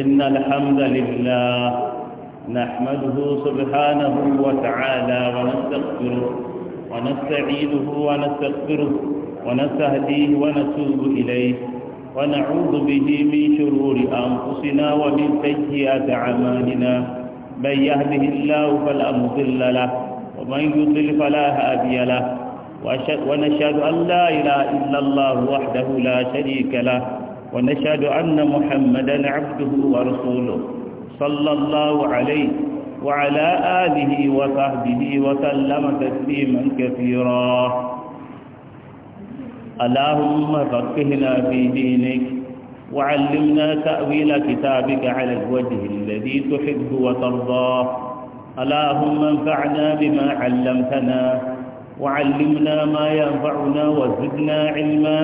إن الحمد لله نحمده سبحانه وتعالى ونستغفره ونستعيده ونستغفره ونستهديه ونتوب إليه ونعوذ به من شرور أنفسنا ومن سيئات أعمالنا من يهده الله فلا مضل له ومن يضلل فلا هادي له ونشهد أن لا إله إلا الله وحده لا شريك له ونشهد أن محمدا عبده ورسوله صلى الله عليه وعلى آله وصحبه وسلم تسليما كثيرا اللهم فقهنا في دينك وعلمنا تأويل كتابك على الوجه الذي تحب وترضاه اللهم انفعنا بما علمتنا وعلمنا ما ينفعنا وزدنا علما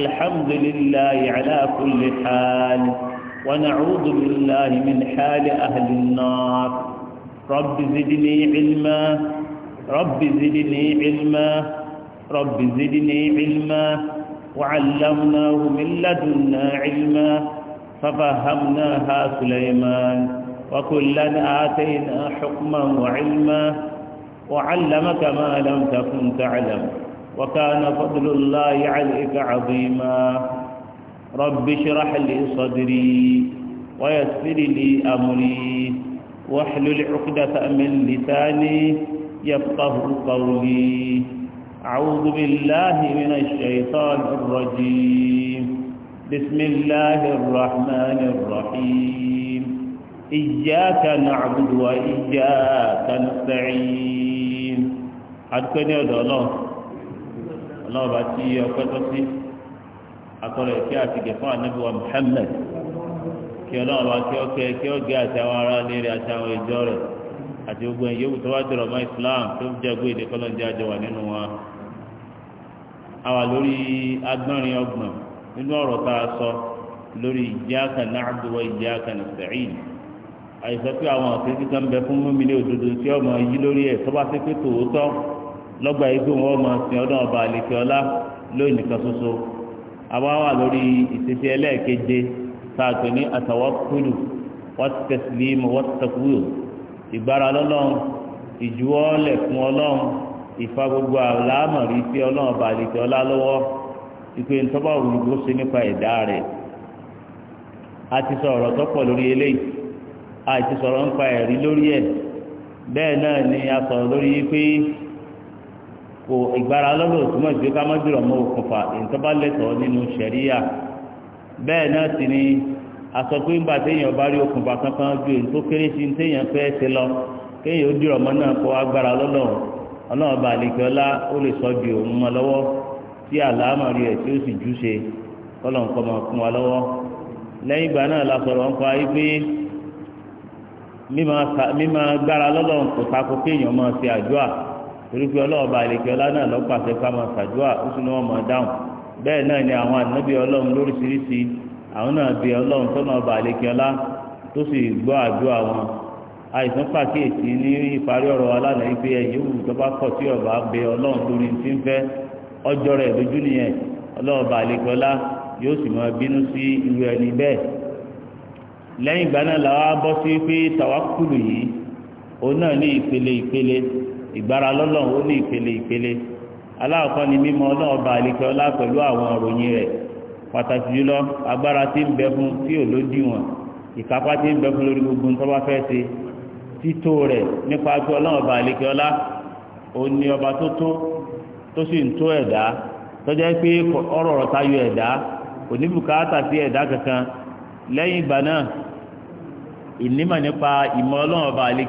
الحمد لله على كل حال ونعوذ بالله من حال أهل النار رب زدني علما رب زدني علما رب زدني علما وعلمناه من لدنا علما ففهمناها سليمان وكلا آتينا حكما وعلما وعلمك ما لم تكن تعلم وكان فضل الله عليك عظيما رب اشرح لي صدري ويسر لي أمري واحلل عقدة من لساني يفقه قولي أعوذ بالله من الشيطان الرجيم بسم الله الرحمن الرحيم إياك نعبد وإياك نستعين أدكني أدو الله ọlọ́ọ̀bá tí ọpẹ́ tó sí akọlẹ̀ kí àti gẹ̀fọ́ ànábìwá Muhammad kí ọlọ́ọ̀bá kí ọkẹ́ kí ọgẹ́ àti àwọn ará léèrè àti àwọn ìjọ rẹ̀ àti gbogbo ẹ̀yẹ́ wù tó wá dọ̀rọ̀ mọ́ Islam tó jẹ́ gbé èdè kọ́lọ́ọ̀dé àjọ wà nínú wọn. àwa lórí agbọ́nrin ọgbọ̀n nínú ọ̀rọ̀ tá a sọ lórí iyyaka na'budu wa iyyaka nasta'in àìsàn pé àwọn àti lọ́gbà yìí pé wọ́n máa sin ọdún ọba àlèkè ọlá lónìí kan ṣoṣo àwa wà lórí ìṣesí ẹlẹ́ẹ̀keje sáàtò ní àtàwákùlù wọ́tẹ̀sílímù wọ́tẹ̀kùlù ìgbára lọ́lọ́run ìjuwọ́lẹ̀ fún ọlọ́run ìfa gbogbo àlámọ̀rí sí ọlọ́run ọba àlèkè ọlá lọ́wọ́ ìpè ntọ́ba òwúrò ṣe nípa ẹ̀dá rẹ̀ a ti sọ ọ̀rọ̀ tọ́pọ̀ lórí eléyìí a ti sọ̀rọ̀ nípa ẹ̀rí lórí ẹ̀ bẹ́ẹ̀ náà ni a sọ̀rọ̀ lórí pé kò ìgbára lọ́rọ̀ túmọ̀ sí ká má jùlọ mọ́ òkùnfà nínú ṣẹ̀ríyà bẹ́ẹ̀ náà sì ni aṣọ mba téèyàn bá rí òkùnfà kankan ju èyí tó kéré sí téèyàn fẹ́ ṣe lọ kéèyàn ó dìrọ̀ mọ́ náà kó agbára ọlọ́run bá ó lè sọ òun mọ́ lọ́wọ́ tí rí ẹ̀ sì jú ṣe torí pé ọlọ́ọ̀ba àlejò ọlá náà lọ́pàṣẹ ká máa ṣàdúrà ó sì ní wọ́n máa dáhùn bẹ́ẹ̀ náà ni àwọn ànábì ọlọ́run lóríṣiríṣi àwọn náà bí ọlọ́run tọ́nà ọba àlejò ọlá tó sì gbọ́ àdúrà wọn àìsàn pàkíyèsí ní ìparí ọ̀rọ̀ wa lánàá yìí pé ẹ̀yẹ́ òwú tó bá kọ̀ ọba bẹ ọlọ́run lórí ti ń fẹ́ ọjọ́ rẹ̀ lójú nìyẹn ọlọ́ọ̀ba àlejò ọlá yóò ìgbára lọ́lọ́run ó ní ìpele ìpele aláàkọ́ ni mímọ̀ ọlọ́ọ̀ba àlekẹ́ ọlá pẹ̀lú àwọn òròyìn rẹ̀ pàtàkì jùlọ agbára tí ń bẹ fún tí ò lódì wọn ìkápá tí ń bẹ fún lórí gbogbo tó bá fẹ́ ṣe rẹ̀ nípa pé ọlá ó ní ọba tó tó tó sì ń tó ẹ̀dá tọ́jà pé ọ̀rọ̀ ọ̀rọ̀ ẹ̀dá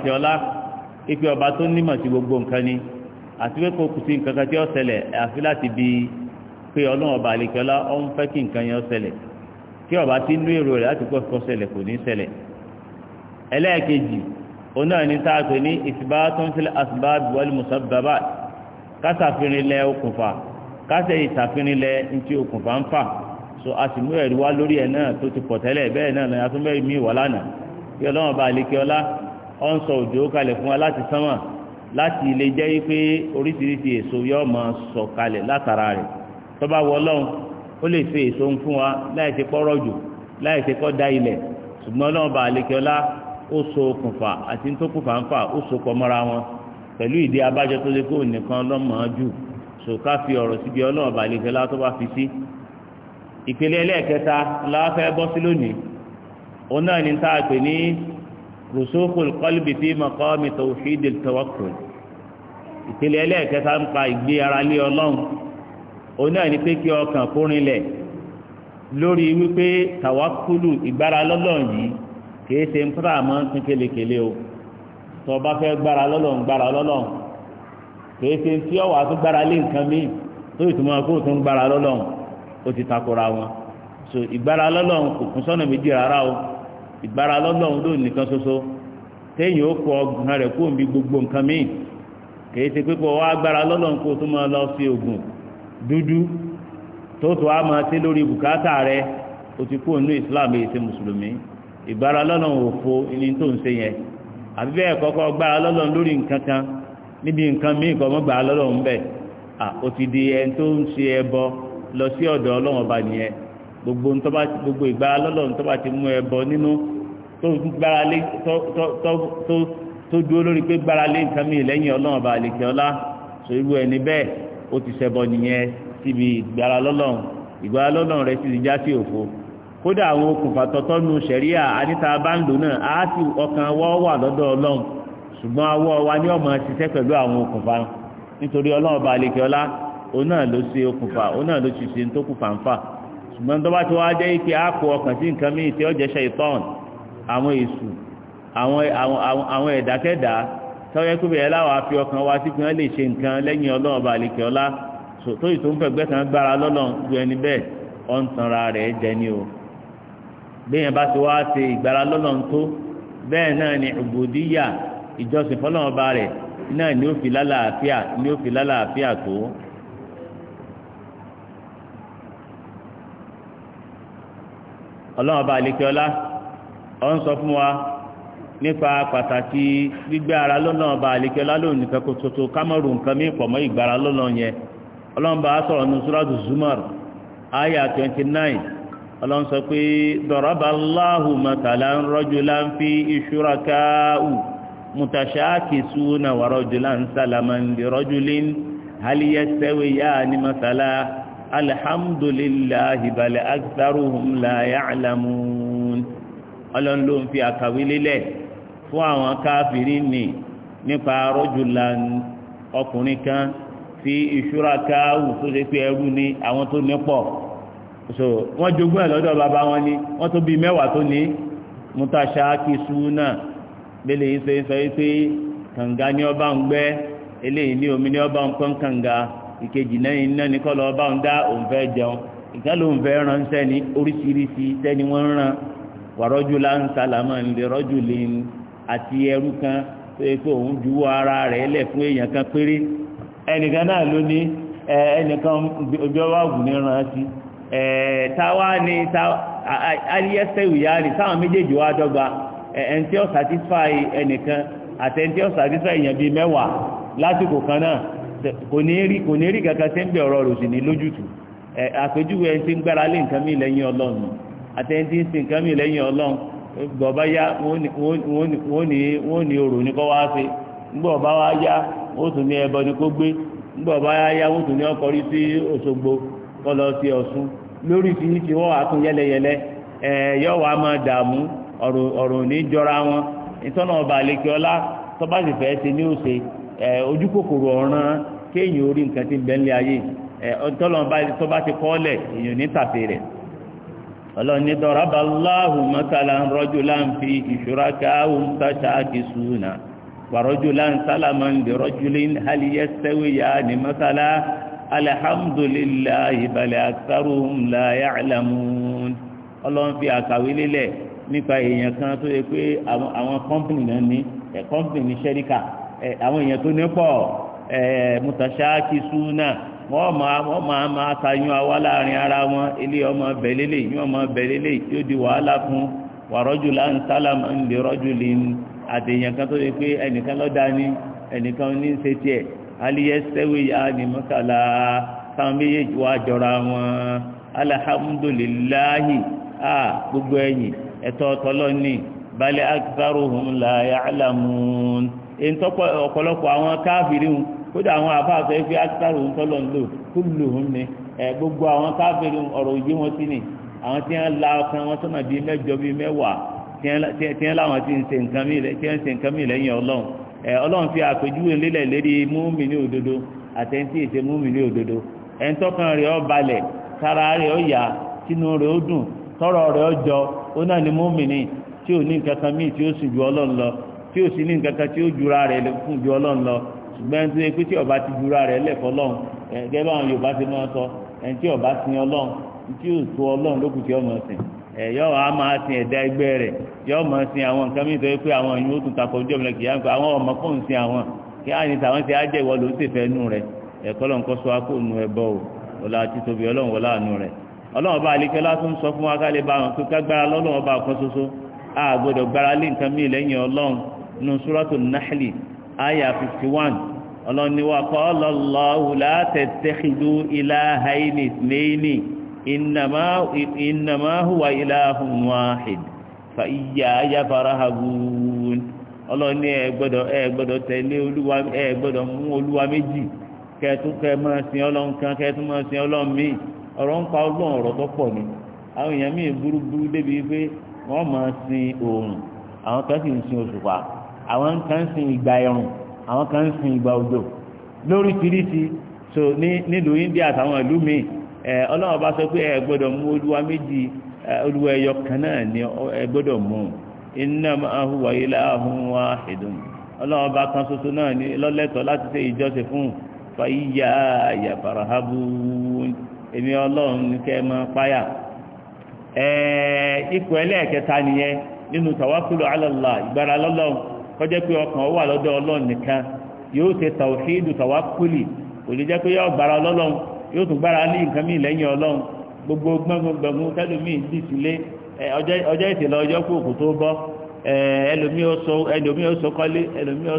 kò ipi ọba tó nímọ̀ sí gbogbo nǹkan ni àti pé kò kù sí nǹkan kan tí ó àfi láti bi pé ọlọ́run ọba àlekẹ́lá ó ń fẹ́ kí nǹkan yẹn ó kí ọba ti nú èrò rẹ̀ láti kọ́ ṣẹlẹ̀ kò ní ẹlẹ́ẹ̀kejì òun náà ní so a sì mú ẹ̀rí wá lórí ẹ̀ náà tó ti pọ̀ tẹ́lẹ̀ bẹ́ẹ̀ náà lọ́yà tó mẹ́rin ọ ń sọ òjò kalẹ̀ fún wa láti sánmà láti ilé jẹ́ wípé oríṣiríṣi èso yóò máa sọ kalẹ̀ látara rẹ̀ tó bá wọ Ọlọ́run ó lè fi èso ń fún wa láì ṣe pọ́rọ̀ jù láì ṣe kọ́ da ilẹ̀ ṣùgbọ́n Ọlọ́run bá àlekè ọlá ó so okùnfà àti tó kùnfà ń fà ó so pọ̀ mọ́ra wọn pẹ̀lú ìdí abájọ tó lè kó nìkan lọ́mọ̀ọ́ jù sòká fi ọ̀rọ̀ síbi Ọlọ́run bá àlekè ọlá tó bá fi sí ìpele ẹlẹ́ẹ̀kẹta la fẹ́ bọ́ sí lónìí òun náà ni tá a pè ní رسوخ القلب في مقام توحيد التوكل. ìpele ẹlẹ́ẹ̀kẹta ń pa ìgbé ara lé ọlọ́run òun náà ní pé kí ọkàn kórin lẹ̀ lórí wípé tàwákùlù ìgbára lọ́lọ́run yìí kìí ṣe ń pàrọ̀ àmọ́ ń pín kélekèle o tó o bá fẹ́ gbára lọ́lọ́run gbára lọ́lọ́run kìí ṣe tí ọ̀wà tó gbára lé nǹkan míì tó ìtumọ̀ kó o tún gbára lọ́lọ́run ó ti takora wọn so ìgbára lọ́lọ́run kò kún sọ́nà méjì rárá o. ìgbára lọ́lọ́run ló nìkan ṣoṣo téèyàn ó kọ ọgùn rẹ̀ kó omi gbogbo nǹkan míì kìí ti pípọ̀ wá agbára lọ́lọ́run kó tó máa lọ sí ogun dúdú tó tó á máa tí lórí bukata rẹ̀ o ti kú ònú Islam èyí ìgbára lọ́lọ́run ni tó ń ṣe yẹn àbí bẹ́ẹ̀ kọ́kọ́ gbára lọ́lọ́run lórí nǹkan kan níbi nǹkan míì kọ́ mọ́ gbára lọ́lọ́run bẹ́ẹ̀ ó ti di ẹni tó ń ẹbọ lọ sí ọ̀dọ̀ ọlọ́run ọba nìyẹn gbogbo ìgbára lọ́lọ́run tó bá ti mú ẹbọ nínú tó gbára lé tó dúró lórí pé gbára lé nǹkan mi lẹ́yìn ọlọ́run ọba àlèkè ọlá sọ irú ẹni bẹ́ẹ̀ ó ti ṣẹbọ nìyẹn síbi ìgbára lọ́lọ́run ìgbára lọ́lọ́run rẹ̀ sì ti já sí òfo kódà àwọn okùnfà tọ́tọ́ nu sẹ̀ríà aníta bá ń lò náà á sì ọkàn wọ́ wà lọ́dọ̀ ọlọ́run ṣùgbọ́n awọ́ wa ní ọmọ ṣiṣẹ́ pẹ̀lú àwọn okùnfà nítorí ọlọ́run ọba àlèkè ọlá òun náà ló ṣe okùnfà òun náà ló ṣiṣẹ́ tó kù fàǹfà ṣùgbọ́n tó bá ti wá jẹ́ ike á kó ọkàn sí nǹkan míì tí ó jẹ́ ṣe ìtọ́ọ̀nù àwọn èṣù àwọn ẹ̀dákẹ́dá tọ́yẹ́ kó bẹ̀rẹ̀ láwọn afi ọkàn wa sí fún ẹ lè ṣe nǹkan lẹ́yìn ọlọ́run ọba àlèkè ọlá tóyì tó ń fẹ̀gbẹ́ kan gbára lọ́lọ́run ju ẹni bẹ́ẹ̀ ọ̀ ń tanra rẹ̀ jẹ ni o bẹ́ẹ̀ bá ti wá ṣe ìgbára lọ́lọ́run tó bẹ́ẹ̀ náà ni ìbòdíyà ìjọsìn fọlọ́run ọba rẹ̀ náà ni ó fi lálàáfíà ni ó fi lálàáfíà tó. ọlọ́run ọba àlèkè ọlá ọ ń sọ fún wa nípa pàtàkì gbígbé ara lọ́nà ọba àlekẹ́ lálóhùn nìkan kó tuntun kámẹ́rù nǹkan mí pọ̀ mọ́ ìgbára lọ́nà yẹn ọlọ́mọba sọ̀rọ̀ ní suratu zumar aya twenty nine ọlọ́run sọ pé dọ̀rọ̀bà aláhùn mọ̀tàlá ń rọ́jò láńfí ìṣúraká ù mùtàṣáàkì súnà wà rọ́jò láńsàlámà ń lè rọ́jò lín haliyẹ sẹ́wé yá ni mọ̀tàlá alhamdulillahi balẹ̀ agbárùhùn láyé àlámùn ọlọ́run ló ń fi àkàwé lélẹ̀ fún àwọn káfíìrì nì nípa rọ́jùlá ọkùnrin kan fi ìṣúra káwù tó ṣe pé ẹrú ni àwọn tó ní pọ̀ so wọ́n jogún ẹ̀ lọ́dọ̀ bàbá wọn ni wọ́n tó bíi mẹ́wàá tó ní mutasaki suna bẹ́lẹ̀ yìí ṣe sọ pé kànga ni ọba ń gbẹ́ eléyìí ní omi ni ọba ń pọ́n kànga ìkejì náà iná ní kọ́lọ́ ọba ń dá òun fẹ́ jẹun ìkálò òun fẹ́ ránṣẹ́ ní oríṣiríṣi tẹ́ni wọ́n ń rán wàrọ́jú lánsálàmọ́ ńlẹ̀ rọ́jú lè ń àti ẹrú kan tó yẹ òun ara rẹ̀ lẹ̀ fún èèyàn kan péré ẹnìkan náà ló ní ẹnìkan ọjọ́wà ògùn ní ran sí táwa ni táwọn méjèèjì wá dọ́gba tí ó ẹnìkan àti tí ó èèyàn bíi mẹ́wàá kan náà kò ní rí kò ní kankan tí ń bẹ̀ ọ̀rọ̀ rò sí ní lójútùú àpèjúwe ẹni tí ń gbára àtẹ́yìn tí ń sin nǹkan mìíràn lẹ́yìn ọlọ́run yá wọ́n ní kọ́ wá wá yá fi ní ti wọ́n tún ẹ̀ yọ́ jọra wọn ìtọ́nà ọba àlekè ọlá tọ́ba sì fẹ́ ní òṣè ẹ̀ ojú kòkòrò ọ̀ràn kéèyàn orí nǹkan ti ọlọ́ni dọ̀rọ̀bà aláhù mọ́sálà ń rọ́jú láǹfi ìṣúra káàwù ń tàṣà àti ṣùnà wàrọ́jú láǹsálà máa ń lè rọ́jú lé haliyẹ́ sẹ́wìyà ní mọ́sálà alihamdulilayi balẹ̀ akitaruhun láyà alamun ọlọ́run fi àkàwé lélẹ̀ nípa èèyàn kan tó yẹ pé àwọn kọ́mpìnì náà ní kọ́mpìnì ní sẹ́ríkà àwọn èèyàn tó ní pọ̀ mùtàṣà àti ṣùnà wọ́n máa wọ́n máa máa tayún awá láàrin ara wọn ilé ọmọ bẹ̀lélẹ̀ yín ọmọ bẹ̀lélẹ̀ yóò di wàhálà fún wàrọ́jù láǹsálàmù ńlẹ̀ rọ́jù lè ń àtẹ̀yàn kan tó lè pé ẹnìkan lọ́dà ni ẹnìkan ní ń ṣe tiẹ̀ aliyẹ sẹ́wé ya ni mọ́sálà táwọn méjèèjì wá jọra wọn alhamdulilahi a gbogbo ẹ̀yìn ẹ̀tọ́ ọ̀tọ́lọ́ni balẹ̀ akitaruhun la ya'lamun èyí ọ̀pọ̀lọpọ̀ àwọn káfíìrì kódà àwọn àfa sọ pé akitaro ń ń lò kúlù gbogbo àwọn káfíìrì ọ̀rọ̀ wọn sí ni àwọn tí la ọkàn wọn sọ́nà bíi mẹ́jọ bíi mẹ́wàá tí láwọn ti ń nǹkan tí ń nǹkan lẹ́yìn ọlọ́run ẹ ọlọ́run fi àpèjúwe lélẹ̀ lérí múmi ní òdodo ètè múmi ní òdodo ẹ̀ńtọ́kan rẹ̀ balẹ̀ tara rẹ̀ rẹ̀ dùn ju ọlọ́run ṣùgbọ́n ẹni tó yẹ pé tí ọba ti dúra rẹ̀ lẹ́kọ̀ọ́ lọ́hùn gẹ́gẹ́ báwọn Yorùbá ti máa sọ ẹni tí ọba sin Ọlọ́hun tí yóò tó Ọlọ́hun lókù tí ọmọ sìn ẹ yọ wàá máa sin ẹ̀dá ẹgbẹ́ rẹ̀ yọ máa sin àwọn nǹkan mìíràn tó yẹ pé àwọn èèyàn ó tún takò ojú ọmọlẹ kìí àǹkọ àwọn ọmọ fóun sin àwọn kí á ní tàwọn ti á ìwọ ló nù rẹ ẹ̀kọ́ aya fifty one ọlọ́niwà qala Allahu la tattakhidu ilahayni ithnaini innama huwa ilahun wahid fa iyyaya farhabun ọlọ́ni ẹ gbọ́dọ̀ ẹ gbọ́dọ̀ tẹ̀lé olúwa ẹ gbọ́dọ̀ mú olúwa méjì kẹtún kẹ máa sin ọlọ́run àwọn èèyàn míì débi pé wọ́n máa sin oòrùn àwọn kan ń sin òṣùpá àwọn kan sin ìgbà ẹ̀rùn àwọn kan sin ìgbà òjò lóríṣiríṣi so ní nílùú India àtàwọn ìlú mi ẹ ọlọ́run bá sọ pé ẹ gbọ́dọ̀ mú olúwa méjì olúwa ẹyọ kan náà ni ẹ gbọ́dọ̀ mú innama huwa ilahun wahidun ọlọ́run bá kan ṣoṣo náà ní lọ́lẹ́tọ̀ láti ṣe ìjọsìn fún fa iyya èmi ọlọ́run ní kẹ́ máa páyà ẹ ipò ẹlẹ́ẹ̀kẹta nìyẹn nínú tawakkulu ala Allah lọ́lọ́run kọjẹ́ pé ọkàn wà lọ́dọ̀ ọlọ́run nìkan yóò ṣe tàwíìdù tàwákùlì kò pé yóò gbára ọlọ́run yóò tún gbára ní nǹkan lẹ́yìn ọlọ́run gbogbo gbọ́ngbọ̀ngbọ̀n tẹ́lómìn dì sílé ọjọ́ ìtìlẹ̀ ọjọ́ kú òkú tó bọ́ ẹlòmíì kọ́lé ẹlòmíì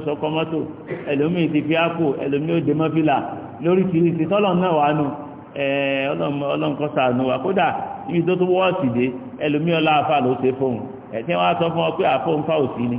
ẹlòmíì ti fi ápò ẹlòmíì mọ́fìlà lórí tọ́lọ̀n náà wà nù wa kódà ibi tó tó wọ́ọ̀sì dé ẹlòmíì àfà ló ṣe fóun ẹ̀tí á sọ fún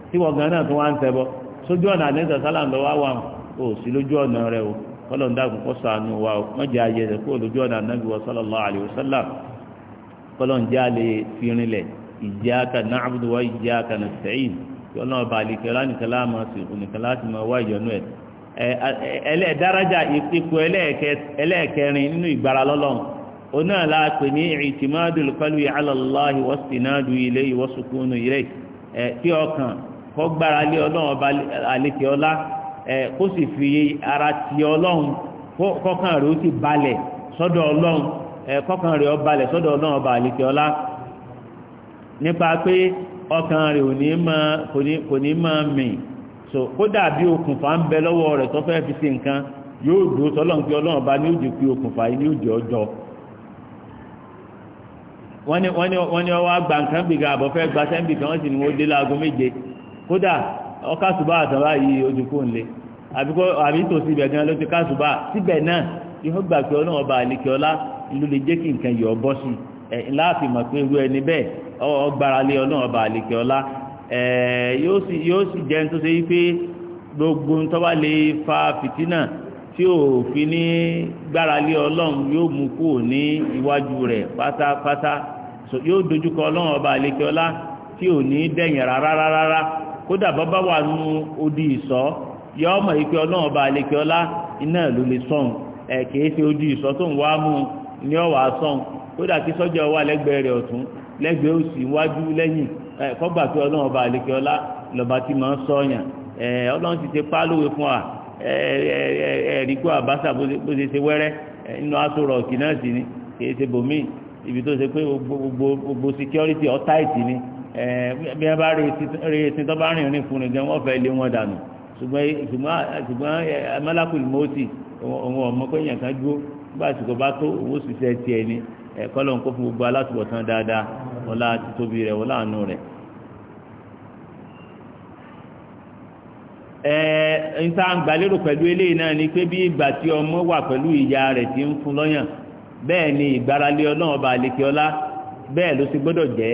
tí wọ́n gan náà tó wá ń tẹ́bọ́ sójú ọ̀nà àdéhùn sálà lọ wá wà ó sí lójú ọ̀nà rẹ o kọ́lọ́n dàgbù kọ́ sànù wa o wọ́n jẹ́ ayé rẹ̀ kó lójú ọ̀nà anábì wa sallallahu alaihi wasallam kọ́lọ́n jẹ́ alẹ́ fi rinlẹ̀ iyyaka na'budu wa iyyaka nasta'in yọ́nà ọba àlìkẹ́lá nìkan láàmú àsìkò nìkan láti máa wá ìyọnú ẹ̀ dáradà ipò ẹlẹ́ẹ̀kẹrin nínú ìgbára lọ́lọ́run oná aláàpẹ̀ ní i'timadul qalbi ala Allahi wastinadu ilayhi wasukunu ilayhi tí ọkàn kó gbára lé ọlọ́run ọba àlekè ọlá ẹ kó sì fi ara ti ọlọ́run kọ́kàn rẹ̀ ó sì balẹ̀ sọ́dọ̀ ọlọ́run ẹ kọ́kàn rẹ̀ ó balẹ̀ sọ́dọ̀ ọlọ́run ọba ọlá nípa pé ọkàn rẹ̀ so bí okùnfà ń bẹ lọ́wọ́ rẹ̀ tó fẹ́ fi ṣe nǹkan yóò dúró sọlọ́run pé ọlọ́run ọba ní pé okùnfà yìí ní ọjọ́ kódà ọkàṣùbà àtàwà yìí ojú kò ń le àbí ibẹ̀ gan ló ti kàṣùbà síbẹ̀ náà yóò gbà pé ọlọ́wọ́ bá àlekè ọlá lè jẹ́ kí nǹkan bọ́ sí mọ̀ pé ẹni bẹ́ẹ̀ ọgbàrá lé ọlọ́wọ́ bá àlekè ọlá yóò sì jẹ́ tó ṣe wípé gbogbo lè fa fìtínà tí ò fi ní gbára lé ọlọ́run yóò mú ní iwájú rẹ̀ ọba tí ò ní dẹ̀yìn rárá rárá kódà bàbá wà nù odi ìsọ yọ ọmọ ìpè ọlọ́run ọba àlekè ọlá iná ló lè sọ̀n ẹ̀ kìí ṣe odi ìsọ tó ń wá mú ní ọwà sọ̀n kódà kí sọ́jà wà lẹ́gbẹ̀ẹ́ rẹ̀ ọ̀tún lẹ́gbẹ̀ẹ́ òsì wájú lẹ́yìn ẹ̀ kọ́gbà pé ọba ọlá lọ́ba tí sọ̀yàn ẹ̀ ọlọ́run ti ṣe pálówe fún wa àbáṣà bó ṣe ni kìí ṣe bòmíì ibi tó ṣe pé gbogbo security ọ̀táìtì ni bí wọ́n bá rí etí tó bá rìn rìn fún nìkan wọ́n fẹ́ lé wọn dànù ṣùgbọ́n amálákùn mọ́tì òun ọmọ pé èèyàn kan dúró nígbà àsìkò bá tó òun òṣìṣẹ́ tiẹ̀ ni ẹ̀kọ́ lọ́n kó fún gbogbo alátùbọ̀tán dáadáa ọlá títóbi rẹ̀ ọlá àánú rẹ̀. ẹ̀ẹ́ nta gbàlérò pẹ̀lú eléyìí náà ni pé bí ìgbà tí ọmọ wà pẹ̀lú ìyá rẹ̀ ti ń fún lọ́yàn bẹ́ẹ̀ ni ìgbáralé ọlọ́run ọba àlekè bẹ́ẹ̀ ló ti gbọ́dọ̀ jẹ́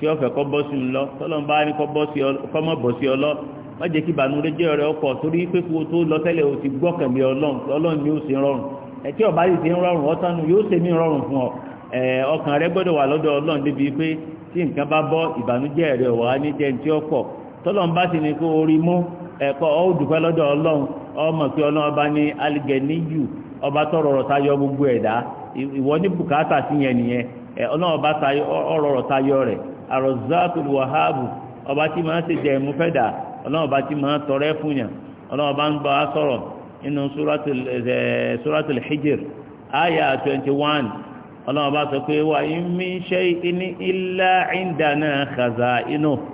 tí ọ̀fẹ́ kọ́ bọ́ sí lọ tọ́lọ́n bá ní kọ́ sí ọ lọ má jẹ́ kí ìbànújẹ́ jẹ́ ọkọ̀ torí pé tó lọ tẹ́lẹ̀ o ti gbọ́kànlé ọlọ́run ọlọ́run ni ó sì rọrùn tí ọba yìí ti ń rọrùn ọtánu yóò fún ọ ọkàn rẹ gbọ́dọ̀ wà lọ́dọ̀ ọlọ́run débi pé tí nǹkan bá bọ́ ìbànújẹ́ rẹ wà ní jẹ́ tọ́lọ́n bá ní kó orí ọ lọ́dọ̀ ọlọ́run ọmọ pé àròzáàtò wàhábù ọba tí máa ń ṣe jẹ ìmú fẹ́dà ọlọ́run ọba tí máa ń tọrẹ fún yàn ọlọ́run ọba ń bá a sọ̀rọ̀ nínú suratul hijr aya twenty one ọlọ́run ọba sọ pé wà in min shay'in illa indana khaza'inuhu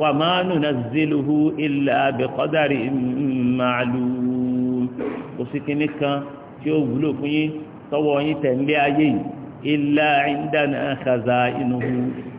wà máa nunazziluhu illa bi qadarin ma'lum kò sí kinní kan tí ó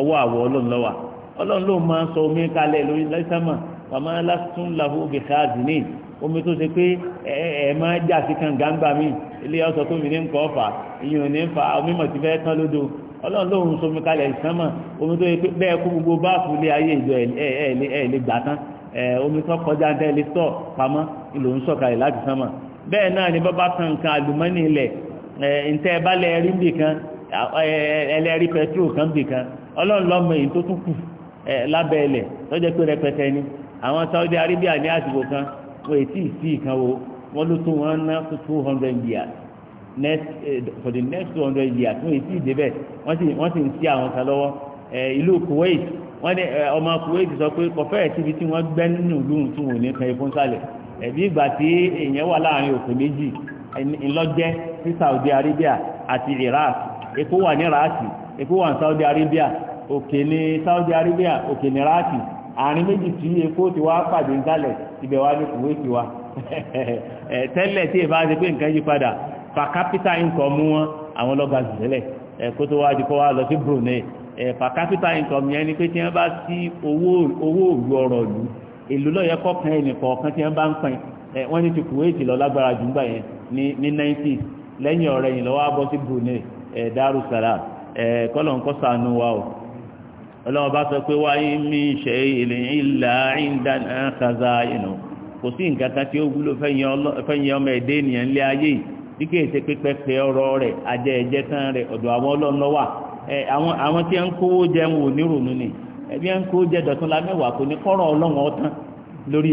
ọwọ́ àwọ̀ ọlọ́run ló wà ọlọ́run ló máa ń sọ omi kalẹ̀ lórí lẹ́sàmà wàmọ́ lásán làwọn òbí káàdì ní omi tó ṣe pé ẹ máa jà sí kan gàǹgbà mi ilé ọ̀sọ̀ tó mi ní nǹkan ọ̀fà ìyẹn ò ní fa omi mọ̀ ti fẹ́ tán lódò ọlọ́run ló ń sọ omi kalẹ̀ ìsánmà omi tó ṣe pé bẹ́ẹ̀ kó gbogbo báàfù ilé ayé ìjọ ẹ̀ lè gbà tán omi tó kọjá ń tẹ́lẹ̀ sọ pamọ́ ìlò ń sọ̀kalẹ̀ ni bọ́bá kan kan àlùmọ́nì ilẹ̀ ǹtẹ́ bá lẹ́ẹ̀rí ọlọ́run lọ́mọ èyí tó tún kù ẹ̀ lábẹ́ ilẹ̀ lọ́jọ́ pé rẹpẹtẹ ni àwọn Saudi Arabia ní àsìkò kan wọ́n èyí tí ì sí ìkan wo wọ́n ló tún wọn ná two hundred years next eh, for the next two hundred years wọ́n èyí tí ì débẹ̀ wọ́n sì wọ́n sì ń sí àwọn kan lọ́wọ́ ìlú Kuwait wọ́n ní ọmọ Kuwait sọ pé kọfẹ́ẹ̀ síbi tí wọ́n gbẹ́ nínú ìlú tí wọ́n ò ní kan ìfún sálẹ̀ ẹ̀bí ìgbà tí èèyàn wà láàrin òkè méjì ńlọ́jẹ́ sí Saudi Arabia àti Iraq èkó wà ní Iraq epo wà ní Saudi Arabia òkè ní Saudi Arabia òkè ní Iraki àárín méjì tí epo ti wá pàdé nsàlẹ̀ ibẹ̀ wá ní Kuwaiti wa tẹ́lẹ̀ tí ìbá ti pé nǹkan yí padà per capita income wọn àwọn lọ́gbà zìlẹ̀ kó tó wá jùkọ́ wá lọ sí Brunei per capita income yẹn ni pé tí wọ́n bá sí owó òru ọ̀rọ̀ ìlú èlò lọ́yẹ kọ́kàn ẹnì kọ̀ọ̀kan tí wọ́n bá ń pín wọ́n ní ti Kuwaiti lọ lágbára jù yẹn ní 90 lẹ́yìn ọ̀rẹ́ lọ́wọ́ bọ́ sí Brunei Darussalam kọ́lọ̀n kọ́ sànú wa o ọlọ́wọ́ bá sọ pé wá mí ṣe ilẹ̀ ìlà ìdáná kaza ìnà kò sí nǹkan tí ó wúlò fẹ́yìn ọmọ ẹ̀dẹ́ ènìyàn ńlẹ̀ ayé bí kì í ṣe pípẹ́pẹ́ ọ̀rọ̀ rẹ̀ ajẹ́ tán rẹ̀ ọ̀dọ̀ àwọn àwọn tí ń kówó jẹun ò ní ni ẹbí ń kò ní kọ́rọ̀ lórí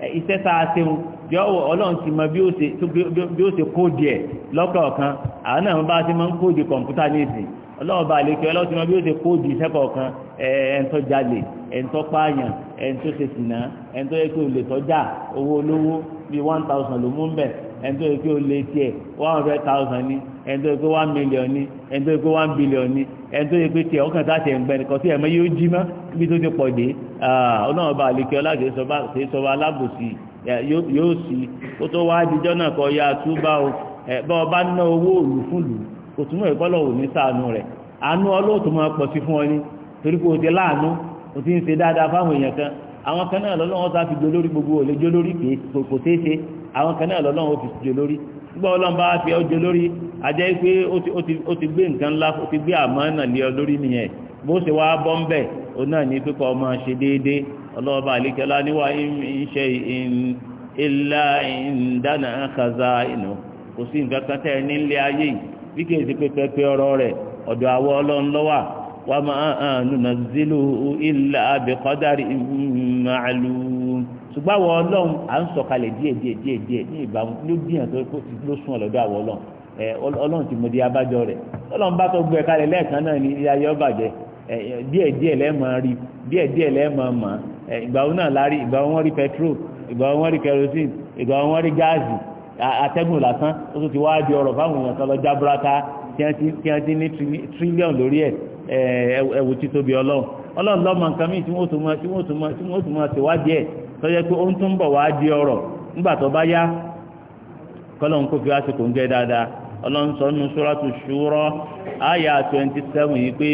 iṣẹ́ tá a ṣeun yọ̀wọ̀ ọlọ́run ti mọ bí ó ṣe kóòdì ẹ̀ lọ́kọ̀ọ̀kan àwọn náà bá ṣe máa ń kóòdì kọ̀ǹpútà ní ìsìn ọlọ́run bá lè kí ọlọ́run ti mọ bí ó ṣe kóòdì iṣẹ́ kọ̀ọ̀kan ẹ̀ẹ́ntọ́ jalè ẹ̀ẹ́ntọ́ pààyàn ẹ̀ẹ́ntọ́ ṣe ẹ̀ẹ́ntọ́ yẹ kí o lè tọ́jà owó olówó bíi one ló mú ń bẹ̀ ẹ̀ẹ́ntọ́ yẹ kí o lè tiẹ̀ one hundred ẹni tó yẹ one million ni ẹni tó one billion ni ẹni tó yẹ ọkàn ibi tó ti pọ̀ dé ọlọ́run bá àlekẹ́ ọlájẹ́ sọ́ba alábòsí yóò sí kó tó wá adijọ́ náà kọ́ ya túbà o bá ọba ná owó òlù fún kò túmọ̀ ìkọ́lọ̀ òní sànù rẹ̀ àánú ọlọ́ọ̀tún máa pọ̀ sí fún ọ ní torí pé o ti láàánú o ti ń ṣe dáadáa fáwọn èèyàn kan àwọn kan náà lọ́lọ́run ó fi jò lórí gbọ́ ọlọ́run bá fi ọjọ́ lórí ajẹ́ pé ó ti gbé nǹkan ńlá ó ti gbé àmọ́ náà lé ọ lórí nìyẹn bó ṣe wá bọ́ ń bẹ̀ ó náà ní pípọ̀ ọmọ ṣe déédéé ọlọ́ọ̀bá àlékẹ́lá níwá ń ìlà ìdáná kaza inú kò sí nǹkan kan tẹ́ ẹ nílé ayé yìí bí kì í ọ̀rọ̀ rẹ̀ ọ̀dọ̀ àwọ ọlọ́run ló wa ننزله إلا بقدر معلوم qadarin ma'lum ṣùgbọ́n àwọn ọlọ́run à ń sọ̀kalẹ̀ díẹ̀ díẹ̀ díẹ̀ díẹ̀ ní ìbámu ló díyàn tó kó ti ló sún ọ̀lọ́dọ̀ àwọn ọlọ́run ẹ ọlọ́run ti mọ̀ di abájọ rẹ̀ ọlọ́run bá tó gbé e kalẹ̀ lẹ́ẹ̀kan náà ní ilé ayé ọ̀bàjẹ́ ẹ díẹ̀ díẹ̀ lẹ́ẹ̀ máa rí díẹ̀ díẹ̀ lẹ́ẹ̀ máa mọ̀ ẹ ìgbà náà lárí ìgbà wọn rí petrol ìgbà wọn rí kerosene ìgbà wọn rí gáàsì atẹ́gùn lásán ó tún ti wá di ọ̀rọ̀ fáwọn èèyàn kan lọ tí wọ́n ti ní tírílíọ̀nù lórí ẹ̀ ẹ̀wù títóbi ọlọ́run ọlọ́run lọ́mọ nǹkan míì tí wọ́n tún mọ tí wọ́n tún mọ tí wọ́n tún mọ tìwádìí ẹ̀ tọ́jọ́ pé ó ń tún bọ̀ wá di ọ̀rọ̀ nígbà tó bá yá kọ́lọ́n kó fi àsìkò ń gẹ́ dáadáa ọlọ́run sọ nínú Suratu Shura àyà twenty seven yìí pé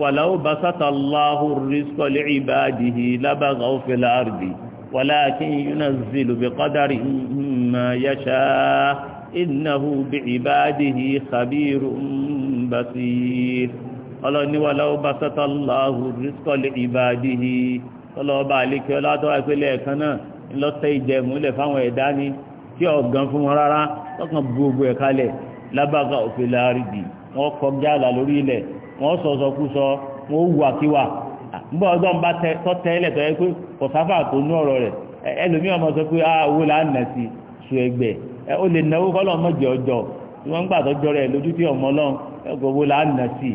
walaw basata Allahu rizqa li'ibadihi labaghaw fil ardi walakin yunazzilu biqadarin ma yasha innahu bi'ibadihi khabirun basir ọlọ́niwà lọ́wọ́ bá sọ́tọ̀ lọ́hù rísíkọ̀lì ìbàdìhì ọlọ́ọ̀bá àlékè ọlọ́tọ́wà ìpínlẹ̀ ẹ̀kan náà ńlọ́tẹ́ ìjẹ̀múlẹ̀ fáwọn ẹ̀dá ni tí ọ̀gán fún wọn rárá lọ́kàn gbogbo ẹ̀ kalẹ̀ lábàgà òfin láàrídì wọ́n kọjá àlà lórí ilẹ̀ wọ́n sọ̀sọ̀ kú sọ wọ́n wù àkíwà nígbà ọgbọ́n bá tọ́tẹ́ ilẹ̀ ah, lójú tí ọmọ ọlọ́run ẹgbẹ́ là ń nà sí i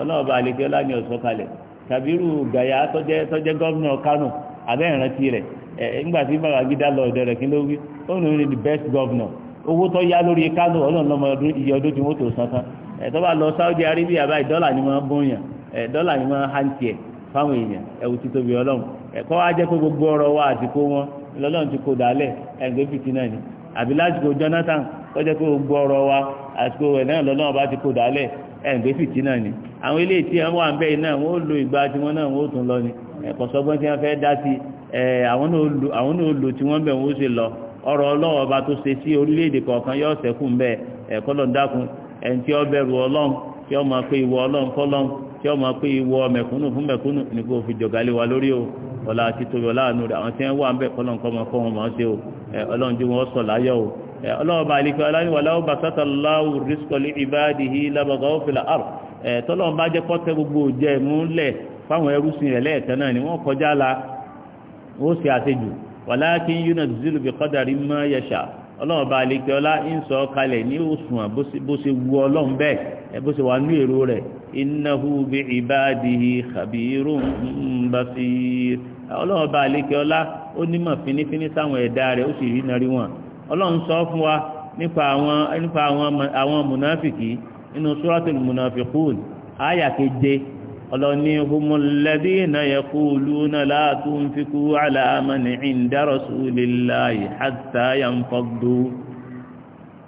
ọlọ́ọ̀bá àlejò ni ọ̀sọ́ kalẹ̀ Kabiru Gaya tọ́jẹ́ tọ́jẹ́ Kano abẹ́ ìrántí rẹ̀ nígbà tí Babangida lọ ọ̀dọ̀ kí ló wí best governor owó yá lórí Kano iye ọdún tí wọ́n tó san tán tó bá lọ báyìí dọ́là ni wọ́n dọ́là ni wọ́n fáwọn èèyàn ẹ̀wù ti tóbi Ọlọ́run wa ọ̀rọ̀ Jonathan kọjá ọ̀rọ̀ ẹ̀ǹgbé fìtí náà ni àwọn ilé tí wọ́n wà ń bẹ́ẹ̀ náà wọ́n lo ìgbà tí wọ́n náà lọ ni ẹ̀kọ́ tí wọ́n fẹ́ dá sí àwọn náà lò tí wọ́n bẹ̀ wọ́n ṣe lọ ọ̀rọ̀ ọlọ́run ọba tó ṣe sí orílẹ̀-èdè kọ̀ọ̀kan yóò ṣẹ́kù ń bẹ́ẹ̀ ẹ̀kọ́ lọ́n dákun ẹni tí bẹ̀rù ọlọ́run tí máa pé ọlọ́ọ̀bá àlekẹ́ ọláníwà láwọ́ bàtàtà láwù rísíkọ̀lì ìbáàdìhì lábàgà òfìlà àr tọ́lọ́ọ̀ bá jẹ́ kọ́tẹ́ gbogbo òjẹ́ múlẹ̀ fáwọn ẹrúsìn rẹ̀ lẹ́ẹ̀kan náà ni wọ́n kọjá la ó sì àṣejù wàlákin yúnà zilu bí kọ́dàrí mọ́ yẹ̀ṣà ọlọ́ọ̀bá àlekẹ́ ọlá ń sọ kalẹ̀ ní òṣùwọ̀n bó ṣe wu ọlọ́run bẹ́ẹ̀ bó ṣe wà nú èrò rẹ̀ innahu bí ọlá ó nímọ̀ finifini sáwọn ẹ̀dá rẹ̀ ó sì rí narí wọn ọlọ́run sọ fún wa nípa àwọn nípa àwọn mùnàfìkì nínú suratul munafiqun àyà keje ọlọ́ni humulladina yaquluna la tunfiqu ala man inda rasulillahi hatta yanfaddu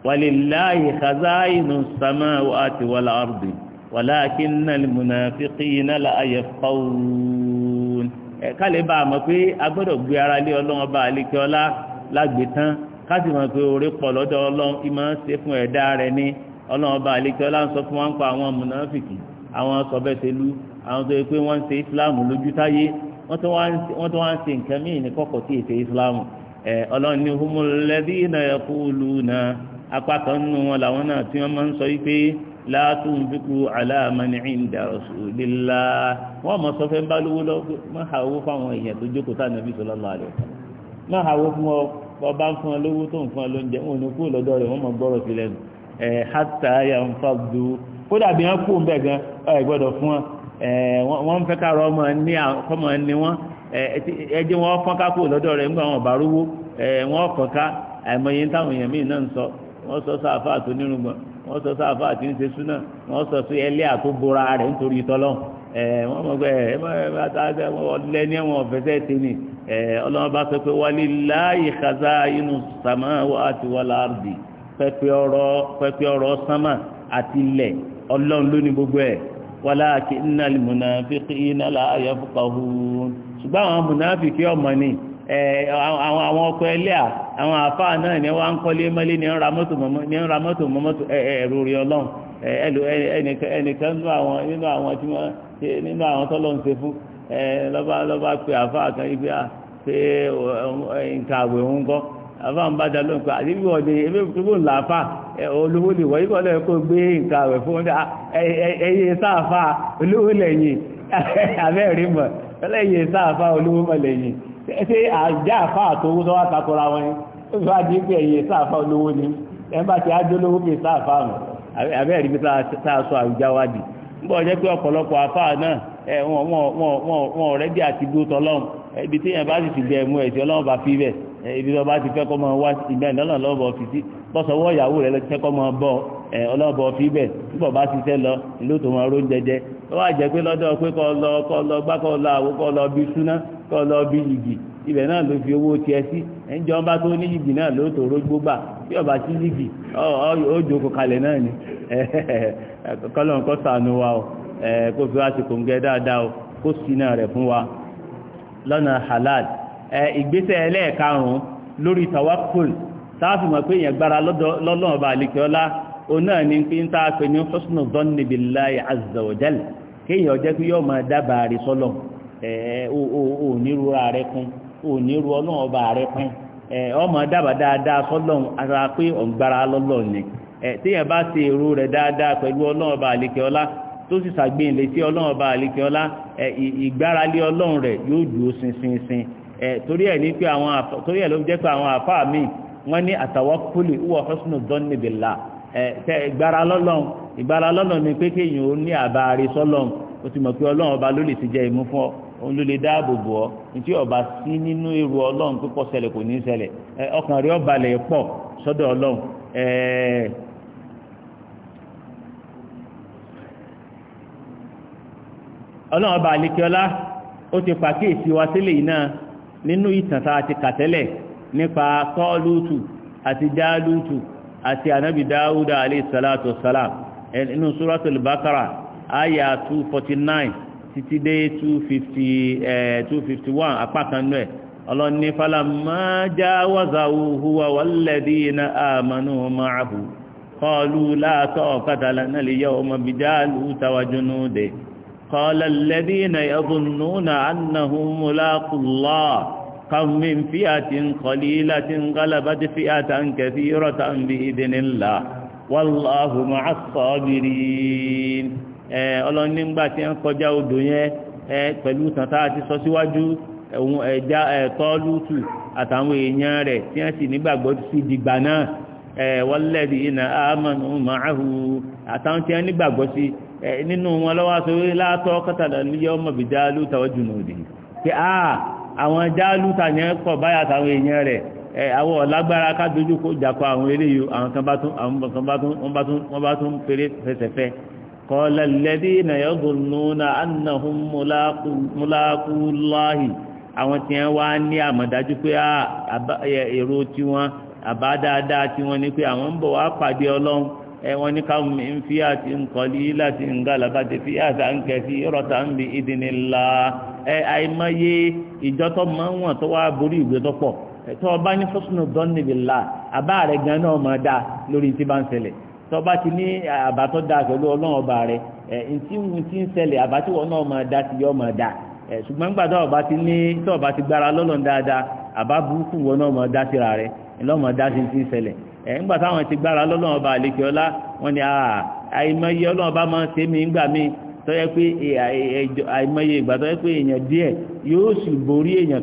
walillahi khaza'inu samawati wal ardi walakinna almunafiqina la yafqahun ẹ̀ kálẹ̀ bá mọ̀ pé a gbé ara lé ọlọ́run bá a ọlá lágbè káàsì ma pe orí pọ̀ lọ́dọ̀ ima kí se fun ṣe fún ẹ̀dá rẹ ní ọlọ́run ọba àlejò ọlọ́run sọ fún pa àwọn munafiki àwọn sọ̀bẹ̀sẹ̀lú àwọn tó yẹ pé wọ́n ń se ìsìláàmù lójú táyé wọ́n tó wá ń ṣe nǹkan míì ní kọ́kọ́ tí èsè ìsìláàmù ẹ̀ ọlọ́run ní humul ladhina na apá kan nínú wọn làwọn náà tí máa ń sọ pé ala man inda bọ́ bá ń fún ọ lówó tó ń fún ọ lóúnjẹ wọn ò ní kúrò lọ́dọ̀ rẹ̀ wọ́n mọ̀ gbọ́rọ̀ sí ẹ̀ hátà ń fún ọ wọ́n fẹ́ ká rọ ọmọ ní ní wọn wọn fọ́n ká lọ́dọ̀ rẹ̀ wọn bá ká àìmọye táwọn èèyàn wọ́n mọ̀ pé ẹ má ẹ má ta ẹ mọ̀ lẹ́ni ẹ̀wọ̀n ọ̀fẹ́sẹ̀ ti ni ọlọ́run bá sọ pé walillahi khaza'inu samawati wal ardi pẹ́pẹ́ ọ̀rọ̀ pẹ́pẹ́ ọ̀rọ̀ sánmà àti ilẹ̀ ọlọ́run ló ní gbogbo ẹ̀ walakinnal munafiqina la yafqahun ṣùgbọ́n àwọn mùnàfíkì ọmọ ni àwọn àwọn ọkọ ẹlẹ́à àwọn àfáà náà ni wọ́n ń kọ́lé mọ́lé ní ń ra mọ́tò mọ́mọ́tò ẹ̀rù rí ọlọ́run ẹnìkan nínú àwọn tí wọ́n nínú àwọn tọ́lọ̀ ń ṣe fún lọ́ba lọ́ba pé àfa kan yìí pé à ah, pé nǹkan àwẹ̀ ń kọ́ àfa ń bá da lóhùn pé àti bí wọ́n lè ebe tó ń là àfa olówó lè wọ́n yìí kọ́ lẹ́yìn kó gbé nǹkan àwẹ̀ fún ah, ẹyẹ sáàfà olówó lẹ́yìn abẹ́rẹ́ mọ̀ ẹlẹ́yẹ sáàfà olówó mọ̀ lẹ́yìn ṣe àjẹ́ àfa àtòwó tó wá takora wọn ni ó fi wá di pé ẹyẹ sáàfà olówó ni ẹ bá ti á dólówó pé sáàfà mọ̀ abẹ́rẹ́ mi sáà sọ àwùjáwádìí nígbà ọjọ́ pé ọ̀pọ̀lọpọ̀ àfáà náà ẹ wọn wọn wọn wọn wọn ọ̀rẹ́ bí àti gbó tọ́lọ́m ibi tí yẹn bá sì ti bẹ̀ mú ẹ̀sìn ọlọ́run bá fi bẹ̀ ibi tó bá ti fẹ́ kọ́ mọ wá ìgbà ìdáná lọ́bọ̀ fi sí bọ́sọ̀wọ́ ìyàwó rẹ̀ fẹ́ kọ́ mọ bọ́ ọlọ́bọ̀ fi bẹ̀ nígbà bá ti fẹ́ lọ ìlú tó mọ oró ń jẹjẹ wọ́n á jẹ́ pé lọ́dọ̀ pé kọ́ lọ kọ́ lọ gbá kọ́ lọ àwò kọ́ lọ bí súná kọ́ lọ bí yìgì ibẹ̀ náà ló fi owó tiẹ̀ sí ẹnjọ́ bá tó ní yìgì náà ló tó rógbó gbà bí ọba sí yìgì ó jókòó kalẹ̀ náà ni kọ́lọ̀ kọ́ sànù wa o kó fi wá sí kòǹgẹ́ dáadáa o kó sínà rẹ̀ fún wa lọ́nà halal ìgbésẹ̀ ẹlẹ́ẹ̀karùn-ún lórí tawakul táàfù mọ̀ pé èèyàn gbára ọba àlekè ọlá náà ni pé ń táa pè ní husnu dhanni billahi azza wa jal kéèyàn ọjọ́ pé yóò máa dábàá rí sọ́lọ̀ ẹ̀ ò ní rúra rẹ kún òní ọlọ́run ọba rẹ pín ma ọmọ dábàá dáadáa sọlọ́run ara pé ọ̀gbára lọ́lọ́run ni ẹ bá ṣe èrò rẹ dáadáa pẹ̀lú ọlọ́run ọba àlekè ọlá tó sì ṣàgbéyìn létí ọlọ́run ọba àlekè ọlá ìgbáralé ọlọ́run rẹ yóò dúró sinsinsin torí ẹ ní pé àwọn torí ẹ ló jẹ́ pé àwọn àfáà míì wọ́n ní ni olu le daabo bu nti ɔba si ninu eru ɔlɔn kpekpɔ sɛlɛ kò ní sɛlɛ ɛ ɔkàn rí ɔba lɛ kpɔ sɔdɔ ɔlɔn ɛɛ ɔlɔn o ti pa keesi wa sele ninu itan ati ti ka tɛlɛ nipa kɔlutu ati daalutu ati anabi daawuda aleyhi salatu wa salam ɛ ninu suratul bakara aya two títí dé two fifty eh, two fifty one apá kan nù ẹ̀ ọlọ́ni falamma jawazahu huwa walladhina amanu ma'ahu qalu la taqata lana al-yawma bijaluta wa junudihi قال الذين يظنون أنهم ملاقوا الله كم من فئة قليلة غلبت فئة كثيرة بإذن الله والله مع الصابرين ọlọ́run nígbà tí wọ́n kọjá odò yẹn pẹ̀lú tàntà àti sọ síwájú ẹja tọ́lútù àtàwọn èèyàn rẹ̀ tí wọ́n sì nígbàgbọ́ sí dìgbà náà wọ́n lẹ́bi iná amanu ma'ahu àtàwọn tí wọ́n nígbàgbọ́ sí nínú wọn lọ́wọ́ sọ wí látọ́ kọ́tàlá níyà ọmọ bíi jáálùtà wọ́n jùnú òdì pé àwọn jáálùtà yẹn kọ̀ báyà àtàwọn èèyàn rẹ̀ àwọn ọ̀lágbára ká dojú kó jàpọ̀ àwọn eléyìí àwọn kan bá tún wọ́n bá قال الذين يظنون أنهم ملاقو الله àwọn tí wọ́n wá tí wọ́n àbá ní pé àwọn ń bọ̀ wá pàdé ọlọ́run ẹ wọ́n ní káwọn ń fi ti fi àti àǹkẹ́sí rọ́ta ń bi ìdínilá ẹ ma ní fọ́sùnù dọ́nìbìlá àbá rẹ̀ gan na tọba ti ní àbátọ́ da pẹ̀lú ọlọ́run ọba rẹ ẹ ntí ń ti ń ṣẹlẹ̀ àbátíwọ̀ náà máa da ti yọ máa da ẹ ṣùgbọ́n nígbà ọba ti gbára dáadáa àbá burúkú wọn náà máa da síra rẹ lọ́mọ da ti ti ń ẹ nígbà táwọn ti gbára lọ́lọ́run ọba àlekè ọlá wọn ni àìmọye ọlọ́run ọba máa ń ṣe mí pé àìmọye ìgbà pé èèyàn díẹ̀ yóò sì borí èèyàn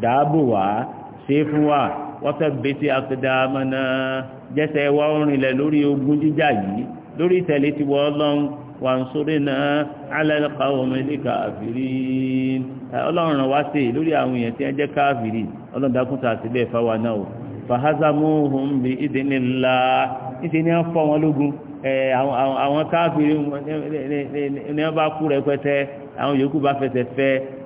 dáàbò wá ṣe fún wa wọ́tẹ̀bẹ̀tì àkàdàmọ́nà jẹ́sẹ̀ wa orinlẹ̀ lórí ogun jíjà yìí lórí ìtẹ̀lé ti wọ́ ọlọ́run wà ń sórí náà alẹ́lẹ́ka àwọn èèyàn tí wọ́n jẹ́ káfìrí o fa ni àwọn ni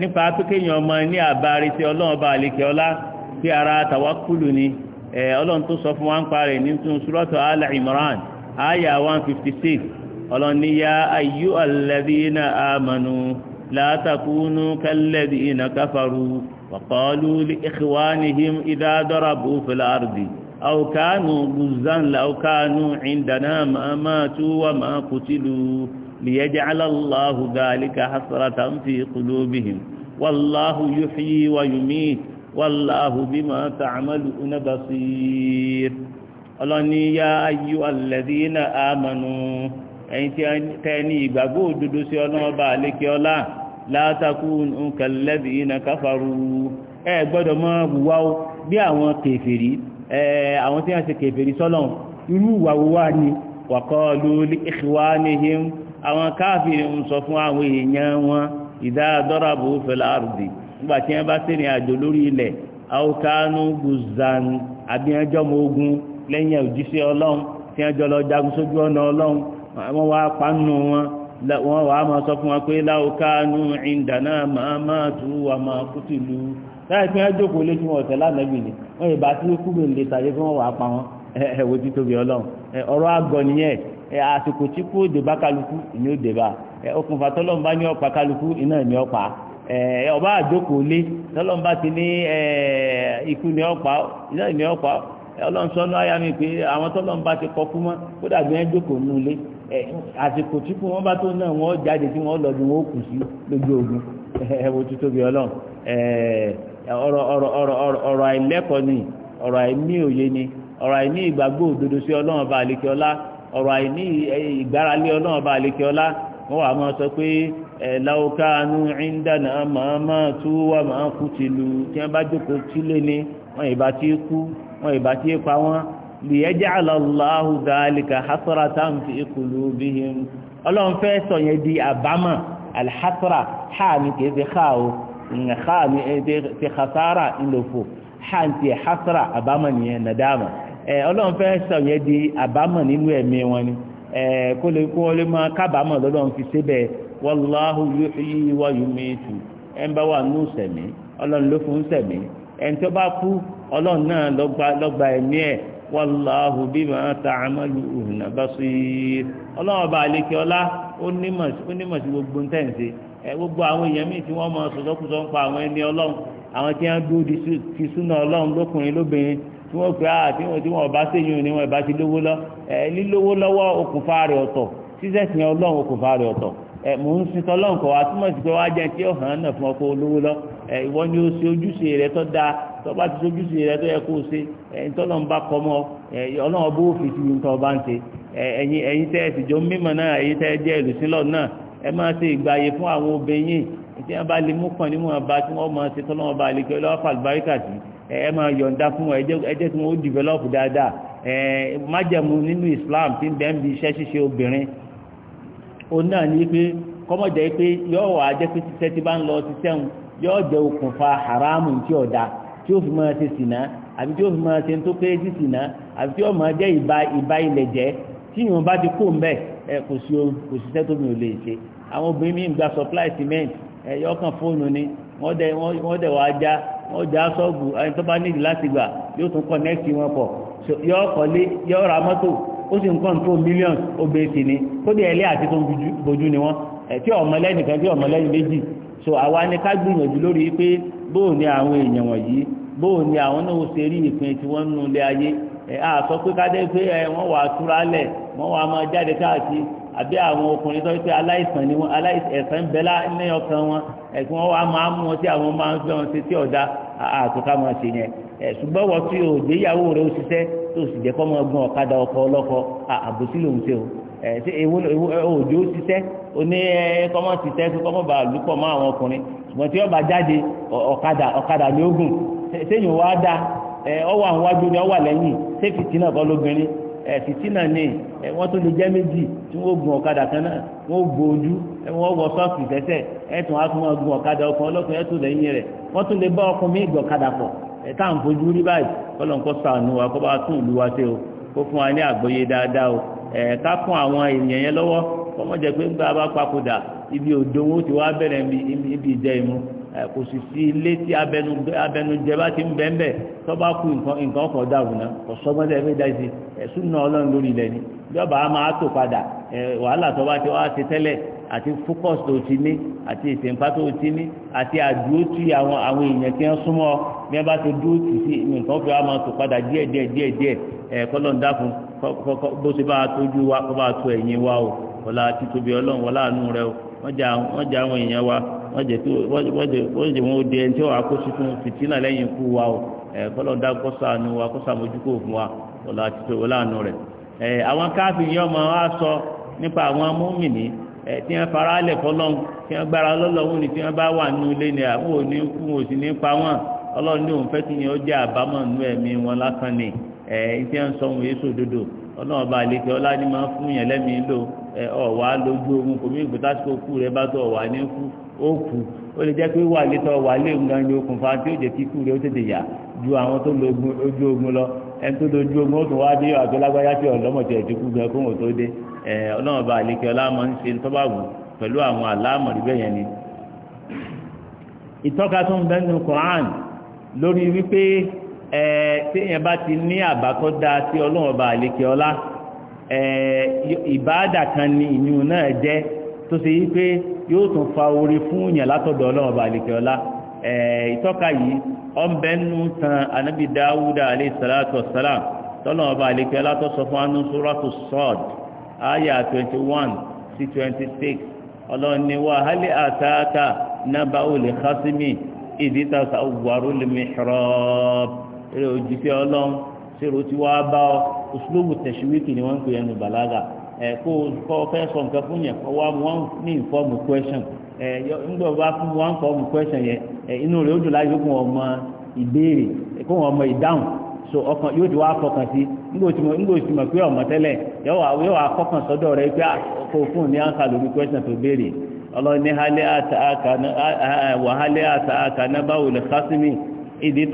nípa píkéyàn ọmọ ní àbárí tí ọlọ́run bá àlekè ọlá pé ara tàwákùlù ni ọlọ́run tó sọ fún wa ń parẹ̀ nínú suratu Al Imran aya 156 ọlọ́run ní ya ayyu alladhina amanu la takunu kalladhina kafaru wa qalu li ikhwanihim idha darabu fil ardi aw kanu ghuzzan law kanu indana ma matu wa ma qutilu ليجعل الله ذلك حسرة في قلوبهم والله يحيي ويميت والله بما تعملون بصير ọlọ́ni yá ayú alẹ́dínà àmànù ẹ̀yin tí tẹ́ ní ìgbàgbọ́ òdodo sí ọlọ́ọba àlékè ọlá látàkùn kẹlẹ́dínà káfàrú ẹ gbọ́dọ̀ mọ́ wùwá ó bí àwọn kèfèrí ẹ àwọn tí wọ́n ṣe kèfèrí sọ́lọ̀ irú wàwúwá ni wàkọ́ lórí ìṣúwá níhìn àwọn káàfin ń sọ fún àwọn èèyàn wọn ìdá dọ́ràbù fẹlẹ àrùdì nígbà tí wọn bá sẹrìn àjò lórí ilẹ̀ àwòkánú gùzàn àbíyànjọmọ ogun lẹ́yìn òjíṣẹ́ Ọlọ́run tí wọn jọ lọ jagun sójú ọ̀nà Ọlọ́run wọn wá pánú wọn wọ́n wà máa sọ fún wa pé láòkánú ìdànà máa máa tú wà máa kú ti lú àsìkò tí kú òdè kálukú okùnfà tọ́lọ́mbà ní ọ̀pá kálukú iná ní ọ̀pá ọba àjókòó lé ti ní ikú ọ̀pá iná ní ọ̀pá ọlọ́nsọ́nù ayá pé àwọn ti kọ́ fún mọ́ kó dàbí ẹ́ jókòó nù lé àsìkò tí kú wọ́n bá tó náà ogun tó tóbi ọlọ́run ọ̀rọ̀ àìlẹ́kọ̀ọ́ ni ọ̀rọ̀ ọ̀rọ̀ àìní ìgbáralé ọlọ́run bá àlekè ọlá wọ́n wà máa sọ pé ẹ̀ láwùkánú ìndànà màmá tú wà máa kú tìlú tí wọ́n bá jókòó tílé ni wọ́n ìbá tí kú wọ́n ìbá tí pa wọ́n lìyẹ́jẹ́ aláwọ̀ dáálíkà hasara táǹfì ìkùlù bíhìm ọlọ́run fẹ́ ọlọ́run fẹ́ sọ yẹ di àbámọ̀ nínú ẹ̀mí wọn ni kó lè kó lè máa kábàámọ̀ lọ́lọ́run fi síbẹ̀ wallahu yuhyi wa yumitu ẹ̀ sẹ̀mí ọlọ́run ló fún sẹ̀mí tó bá kú ọlọ́run náà lọ́gba ẹ̀mí ẹ̀ ọlọ́run ọba àlekè ọlá ó nímọ̀ sí gbogbo gbogbo àwọn èèyàn míì tí wọ́n sọ̀tọ́kùsọ̀ ń pa àwọn ẹni ọlọ́run àwọn tí wọ́n ti ọlọ́run lóbìnrin tí wọ́n a ah, á tí wọ́n bá sẹ́yìn ní wọ́n bá ti lówó lọ lílówó lọ́wọ́ okùnfà rẹ̀ ọ̀tọ̀ sísẹ̀sìn ọlọ́run okùnfà rẹ̀ ọ̀tọ̀ mò ń sin tọ́lọ́run kọ̀ wá túmọ̀ sí pé náà fún ọkọ̀ olówó lọ ìwọ ni ó ṣe ojúṣe rẹ̀ ti rẹ̀ tó yẹ kó o ṣe tọ́lọ́run bá kọ́ mọ́ fún àwọn tí wọ́n bá lè mú kàn nímú ọba tí wọ́n mọ̀ ṣe tọ́lọ́mọ bá lè kí ọlọ́wọ́ fàlùbáríkà sí ẹ máa yọ̀ǹda fún wọn ẹjẹ́ tí wọ́n ó dìvẹ́lọ́pù dáadáa májẹ̀mú nínú Islam tí ń bẹ́ẹ̀ ń bi iṣẹ́ ṣíṣe obìnrin òun náà ní pé kọ́mọ̀jẹ́ pé yóò wà á jẹ́ pé títẹ́ ti bá ń lọ títẹ́ ń yóò jẹ́ okùnfà haramu tí ò tí ó fi máa ṣe sìnà àbí tí ó fi máa ṣe tó kéré sí sìnà àbí tí ó máa jẹ́ ìba ìba ilẹ̀ jẹ́ tí ìwọ̀n bá ti kó ń bẹ̀ kò sí iṣẹ́ tó mi ò lè ṣe àwọn obìnrin mi ń gba supply cement ẹ̀yọ́ kan fóònù ni wọ́n dẹ̀ wọ́n dẹ̀ wọ́n ajá wọ́n já sọ́ọ̀bù ẹni tó bá nídìí láti gbà yóò tún wọn yọ yọ ra mọ́tò ó sì ń kọ́ńtró e sí ni kó dé ẹlẹ́ àti tó ń ni wọn tí kan tí méjì so àwa ni gbìyànjú lórí pé bóò ni àwọn èèyàn wọ̀nyí bóò ni àwọn náà ṣe rí ìpín tí wọ́n ń nu ilé ayé àsọ wà á àbí àwọn ọkùnrin tó ṣe aláìsàn ni wọn ẹ̀sán bẹ́lá ní ọkàn wọn ẹ̀sìn wọn wá máa mú wọn tí àwọn máa ń fẹ́ wọn ṣe tí ọ̀dà àtúntà máa ṣe yẹn ṣùgbọ́n wọ́n tí o dé ìyàwó rẹ̀ ó ṣiṣẹ́ tó sì jẹ́ kọ́ mọ́ ọgbọ́n ọ̀kadà ọkọ̀ ọlọ́kọ àbòsí lòun ṣe o ṣe ewu òjò ó ṣiṣẹ́ o ní kọ́mọ́ ṣiṣẹ́ kí kọ́mọ́ bá lùpọ̀ mọ́ àwọn ọkùnrin ṣùgbọ́n tí wọ́n jáde ọ̀kadà ọ̀kadà ní ogun ṣéyìn wá dá ọwọ́ àwọn wájú ni ọwọ́ lẹ́yìn ṣé fìtínà kọ́ lóbìnrin fìtínà ni wọ́n tún lè jẹ́ méjì tí wọ́n gun ọ̀kadà kan náà wọ́n bo ojú wọ́n wọ sọ́ọ̀kì tẹ́tẹ́ ẹ̀ tún wá gun ọ̀kadà ọlọ́kùnrin lẹ́yìn rẹ̀ wọ́n tún lè bá ọkùnrin míì gbọ̀kadà pọ̀ wa bá tún wa ṣe o kó fún wa ní àgbọ́yé dáadáa o ẹ̀ fún ibi kò sì sí ilé tí abẹnujẹ bá ti ń bẹ́ẹ̀ bẹ́ẹ̀ tó bá kú nǹkan ọkọ̀ dàrú náà kò sọgbọ́n tẹ́ fẹ́ dáìsí ẹ̀sùn náà ọlọ́run lórí ilẹ̀ ni ìjọba a máa tò padà wàhálà tó bá ti wá ti tẹ́lẹ̀ àti fókọ̀sì tó ti ní àti ìtẹ̀m̀pá tó ti ní àti àdúró tí àwọn àwọn èèyàn tí wọ́n súnmọ́ bí wọ́n bá ti dúró tì sí nǹkan fi wá máa tò padà díẹ̀ díẹ̀ díẹ̀ díẹ̀ ẹ̀ kọ́lọ́ ń dákun bó ṣe bá a tójú wa kó bá a tó ẹ̀yìn wa o wọ́n la títóbi ọlọ́run wọ́n láàánú rẹ o wọ́n jà àwọn èèyàn wa. wọ́n jẹ wọ́n ó di ẹni tí wọ́n á kó fìtínà lẹ́yìn ikú wa o ẹ̀ kọ́lọ́dá kọ́sàánú wa fún wa ọ̀là àti tó rẹ̀ àwọn káfíìn yọ ọmọ wa sọ nípa àwọn amúmìnì tí wọ́n fara lẹ̀ fọlọ́n tí wọ́n gbára lọ́lọ́hún ni tí wọ́n bá wà nínú ilé ni àwọn kú ní ọba ó kú ó lè jẹ́ pé wà létọ́ wà lé nǹkan ní okùnfà tí ó jẹ́ kíkú rẹ̀ ó tètè yà ju àwọn tó lo ojú ogun lọ ẹni tó lo ojú ogun ó tún wá dé àti lágbájá tí ọ̀lọ́mọ̀tì ẹ̀ ti kú gan kóhùn tó dé ẹ̀ ọlọ́run bá àlekè ọlá ń ṣe tọ́ba wù pẹ̀lú àwọn àlámọ̀ níbẹ̀ yẹn ni. ìtọ́ka tó ń bẹ nínú Quran lórí wípé ẹ téèyàn bá ti ní àbá tó dáa sí ọlọ́run bá àlekè ọlá ìbáàdà kan ni ìyún náà jẹ́ tó ṣe yí pé yóò tún fa orí fún yàn látọ̀dọ̀ ọlọ́run ọba àlèkè ọlá ìtọ́ka yìí ọ̀nbẹ́nu tan anabi dawuda alayhi salatu wa salam tọ́lọ́run ọba àlèkè ọlá tó sọ fún anú suratu sọ́ọ̀d àyà twenty one sí twenty six ọlọ́run ni wà hali àtàtà nàbà olè xasimi ìdí ta sàwùwárò lè mi xrọ́b eré òjì fi ọlọ́run ṣèrò tí wàá bá ọ òṣùlùmù tẹ̀síwìkì ni ẹ kó o fẹ́ sọ nǹkan fún yẹn kọ́ wọ́n ní ìfọ́ọ̀mù question fún fọ́ọ̀mù question yẹn inú rẹ̀ ó láyé kó mọ ìbéèrè kó mọ ìdáhùn so ọkàn yóò ti wá fọkàn sí ńgbò tí mo pé ọmọ tẹ́lẹ̀ yóò wá fọkàn sọ́dọ̀ rẹ pé kó fún ní lórí question tó béèrè ọlọ́ni wàhálẹ́ àtàkà lè ẹ̀rọ ìrẹ̀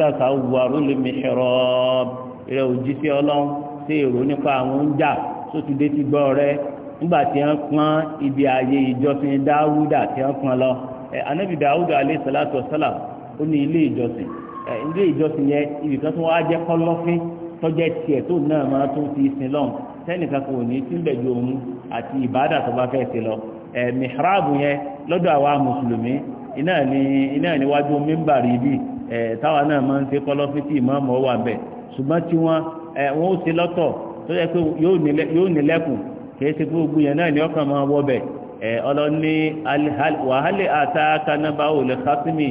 ọlọ́run sí èrò nípa àwọn oúnjẹ tó ti dé ti gbọ́ rẹ nígbà tí wọ́n pọ́n ibi ààyè ìjọsìn dáwúdà tí wọ́n lọ anabi dáwúdà alẹ́ sàlátọ̀ sálà ó ní ilé ìjọsìn ilé ìjọsìn yẹn ibi kan tó wá jẹ́ kọ́lọ́fín tọ́jẹ́ tiẹ̀ tó náà máa ti sin lọ́n sẹ́nìkan kò ní ju òun àti ìbádà tó bá ti lọ mihrab yẹn lọ́dọ̀ àwa mùsùlùmí iná iná mímbàrí táwa náà máa ń kọ́lọ́fín tí wà bẹ̀ ṣùgbọ́n tí tó yẹ pé yóò nílẹ̀kùn kìí ṣe gbogbo yẹn náà ní ọkàn máa wọbẹ̀ ẹ ọlọ́ni wàhálẹ̀ àtàkà nàbà ò lè kásímì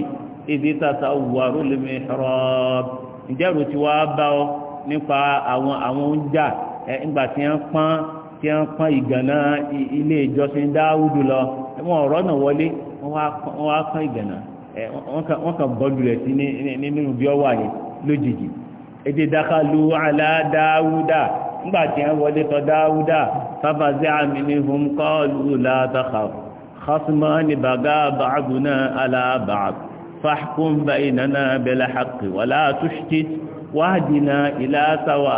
ibi tàṣà wàrú lèmi rọ́ọ̀b ǹjẹ́ rò ti wá bá ọ nípa àwọn àwọn oúnjà ẹ ńgbà tí wọ́n pọ́n tí wọ́n pọ́n ìgànnà ilé ìjọsìn dáwùdù lọ wọn ọ̀rọ̀ náà wọlé wọ́n wá pọ́n ìgànnà ẹ wọ́n kàn bọ́ọ̀lù rẹ̀ sí nínú bí ọ wà ní lójijì èdè dákàlù àlá nígbàtí wọ́n wọlé tọ́ dáúdà fáfàzẹ́ àmì ní hùm kọ́ọ̀lù látàkà khasmọ́ ní bàgá bàbùnà alábàb fáhkùn bàyìnàna bẹ̀lẹ̀ hàkì wà látúṣtì wáhdìnà ìlàtàwà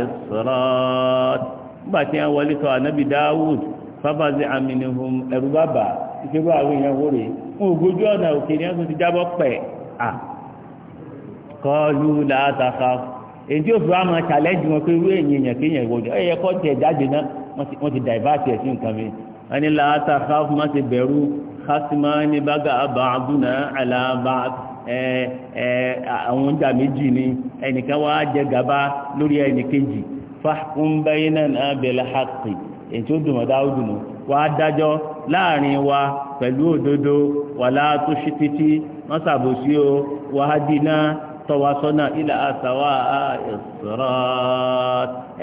ìsọ́rọ̀t nígbàtí wọ́n wọlé tọ́ ànábì dáúd fáfàzẹ́ àmì ní hùm látàkà èyí tí ó fi wá máa challenge wọn pé irú èèyàn kéèyàn ìwọ́jọ́ ẹ̀yẹ kọ́ tiẹ̀ jáde náà wọ́n ti divert ẹ̀ sí nǹkan mi ẹni làátà káfù má ti bẹ̀rù kásímá ní bága àbáàdúnà àlàbà àwọn ìjà méjì ni ẹnìkan wá jẹ gàba lórí ẹnìkejì fáhùn bẹ́yìn náà bẹ̀rẹ̀ hàkì èyí tí ó dùn ọ̀dá ó dùn wá dájọ́ láàrin wa pẹ̀lú òdodo wàlá tó ṣe títí wọ́n ṣàbòsí o wàá dínà tọ́wa sọ́nà ilà àtàwà ìṣòro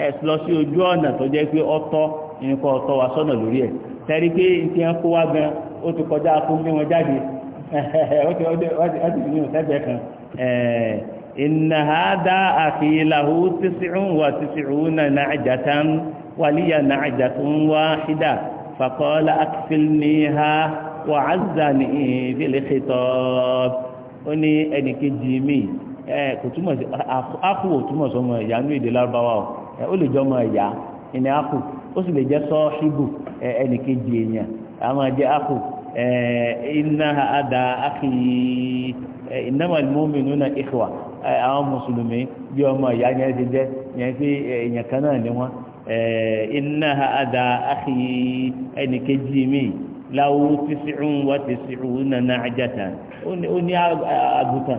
ẹ̀ lọ sí ojú ọ̀nà tó jẹ́ pé ọtọ́ nǹkan tọ́wa sọ́nà lórí ẹ̀ tẹ́rí pé ti ń kó wá gan ó ti kọjá kó gbé wọn jáde ó ti ní ìfẹ́bẹ̀ kan inna hada àfihìláhù ẹ eh, kò túmọ̀ sí akú ò túmọ̀ sọmọ ẹ̀yà ní èdè lárúbáwá o ẹ eh, ó lè jẹ́ ọmọ ẹ̀yà ẹni akú ó sì lè jẹ́ sọ́ọ́ṣíbù eh, ẹnì kejì èèyàn a máa jẹ́ akú ẹ iná ada akì innamal mu'minuna ikhwa àwọn mùsùlùmí bí ọmọ ẹ̀yà ni ẹ ti jẹ́ yẹn pé èèyàn kan náà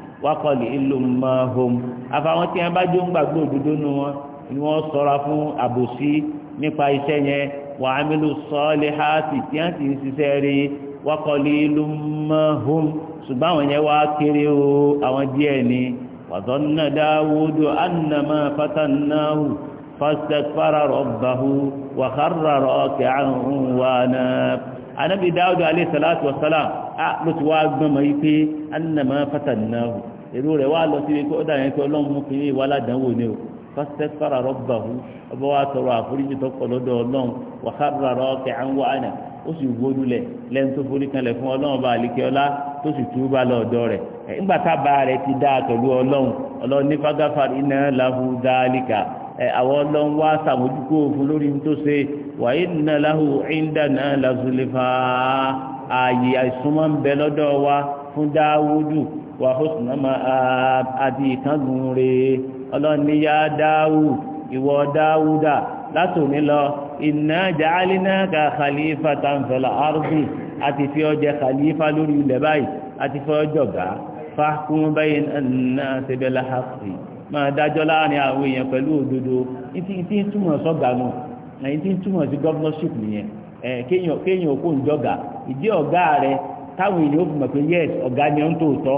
wákọ̀lì ìlòmọ̀hom àfàwọn tí wọn bá jó ń gbàgbọ́ òdodo nu wọn ni wọn sọra fún àbòsí nípa iṣẹ́ yẹn wà á mílò sọ́ọ́lì háàtì tí wọn sì ń ṣiṣẹ́ rí wákọ̀lì ìlòmọ̀hom ṣùgbọ́n àwọn yẹn wá kéré o àwọn díẹ̀ ni wàtọ́nà dáwúdù annama fatannahu fastakfara rabbahu wa kharra raki'an wa anabi dáwúdù alayhi salatu wa salam a ló wá gbọ́n mọ́ yí pé annama fatannahu èrò rẹ̀ wá lọ sí ibi ọ̀dà yẹn pé ọlọ́run mú kí ìwà aládánwò ni o fásitẹ́sì fara rọ́bà hu ọba wa tọrọ àforíjì tó lọ́dọ̀ ọlọ́run wà kábàrà rọ àná ó sì lẹ́yìn tó forí kanlẹ̀ fún ọlọ́run bá àlìkẹ́ ọlá tó sì tú lọ́dọ̀ ti pẹ̀lú ọlọ́run ọlọ́run ní fagafari iná àwọn ọlọ́run wá sàmójúkú òfin lórí tó ṣe wàyí ààyè ń bẹ wà husna ma'ab àti ìkángun re ọlọ́ni yá dáwù ìwọ dáwùdà látòní lọ inna ja'alnaka khalifatan fil ardi àti fi ọ jẹ khalifa lórí ilẹ̀ báyìí àti fi ọ jọ̀gá fahkum bayna an-nasi bil táwọn èèyàn ó mọ̀ pé yes ọ̀gá ni ó ń tòótọ́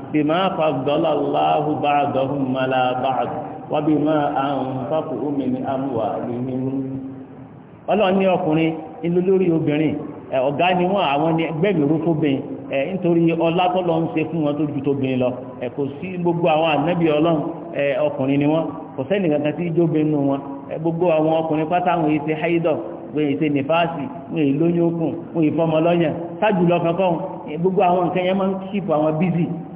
بما فضل الله بعضهم على بعض وبما أنفقوا من أموالهم ọlọ́run ní ọkùnrin ìlú lórí obìnrin ọ̀gá ni wọ́n àwọn ní nítorí ọlá ń fún wọn tó ju lọ kò sí gbogbo àwọn ọlọ́run ọkùnrin ni wọ́n kò sẹ́ni kankan tí jóbin nù wọn gbogbo àwọn ọkùnrin pátá àwọn ti haidọ̀ wọ́n ti nífàásì wọ́n lóyún okùn wọ́n fọmọ gbogbo àwọn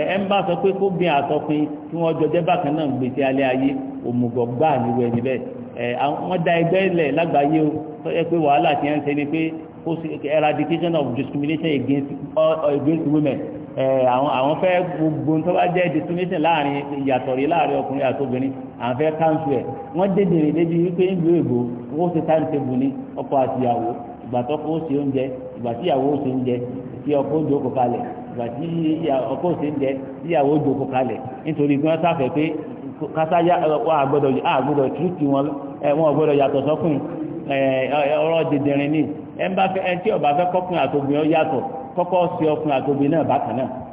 ẹ ń bá sọ pé kó bí àtọpin tí wọ́n jọ jẹ́ bákan náà gbèsè alẹ́ ayé òmùgọ̀ gbà níwọ ẹni ẹ wọ́n da ẹgbẹ́ ilẹ̀ lágbàáyé o tó pé wàhálà ti ń ṣe ni pé eradication of discrimination against uh, uh, against women àwọn àwọn fẹ́ gbogbo tó bá jẹ́ discrimination láàrin ìyàtọ̀ rí láàrin ọkùnrin àti obìnrin àwọn fẹ́ káńsù ẹ̀ wọ́n dédè rè débi wípé ń lo ègbò wọ́n ti time table ní ọkọ àtìyàwó ìgbà tọ́kọ ó ṣe oúnjẹ ìgbà tíyàwó ó ṣe oúnjẹ tí ọkọ ó jókòó kalẹ̀ ìgbà tí ọkọ òsè ń jẹ ìyàwó jòkó kalẹ̀ nítorí gbọ́n sáfẹ́ pé kásáyà wà gbọ́dọ̀ àgbọ́dọ̀ tìrìtì wọn wọn gbọ́dọ̀ yàtọ̀ sọ́kùn ọ̀rọ̀ dìndìnrín ni ẹ ń bá fẹ́ ẹ tí ọba fẹ́ kọ́kùn àtòbí ọ yàtọ̀ kọ́kọ́ sí ọkùn àtòbí náà bákan náà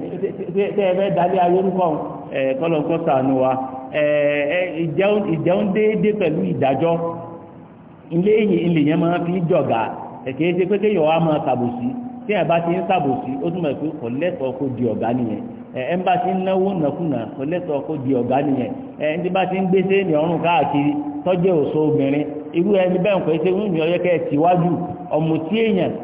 tẹ́ ẹ fẹ́ dalẹ́ ayé orúkọ kọ́lọ́kọ́ wa ìjẹun déédé pẹ̀lú ìdájọ́ ilé máa fi jọ̀gà ẹ̀kẹ́ pé kéèyàn wá máa ṣàbòsí tí ẹ̀ bá ti ń ṣàbòsí ó pé kò lẹ́tọ̀ọ́ kó di ọ̀gá nìyẹn ẹ̀ ń bá ti ń náwó nàkúnà kò lẹ́tọ̀ọ́ kó di ọ̀gá nìyẹn ẹ̀ ń bá ti ń ọrùn káàkiri òṣò obìnrin irú ẹni bẹ́ẹ̀ ọyẹ́kẹ́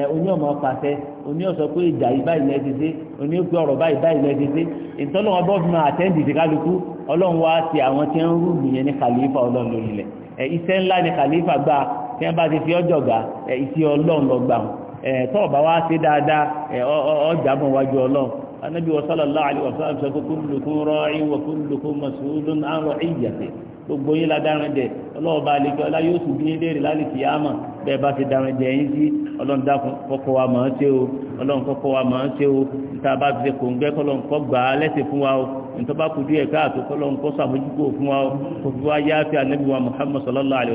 ẹ oní ọmọ pàṣẹ oní ọsọ pé ìjà yìí báyìí lẹ́ẹ̀ ti dé oní ọgbẹ́ ọ̀rọ̀ báyìí báyìí lẹ́ẹ̀ ti dé ìtọ́lọ́wọ́ bọ́ọ̀fù máa àtẹ́ǹdì ti kálukú ọlọ́run wá ti àwọn tí ń rú nìyẹn ní kàlífà ọlọ́run lórí ilẹ̀ ẹ iṣẹ́ ńlá ní kàlífà gbà tí wọ́n bá ti fi ọjọ́ gà ẹ iṣẹ́ ọlọ́run lọ gbà ẹ tọ́ọ̀bá wá ṣe dáadáa ẹ ọjà bọ̀ wájú ọlọ́run anábì sallallahu alaihi wasallam kullukum ra'in gbogbo yín la dáran jẹ ọlọ́run bá lè jọ ọlá yóò tún bí yín léèrè lálùkì yáàmà bẹ́ẹ̀ bá ti dáran jẹ yín sí ọlọ́run dákun kọ́kọ́ wa mọ̀ ọ́n ṣe o ọlọ́run kọ́kọ́ wa mọ̀ ọ́n ṣe o níta bá ti ṣe kò ń gbẹ́ kọ́lọ́run kọ́ gbà á lẹ́sẹ̀ fún wa o nítorí bá kú díẹ̀ káàtó kọ́lọ́run kọ́ fún wa o kò fi wá yá fi ànábì wa Muhammad sallallahu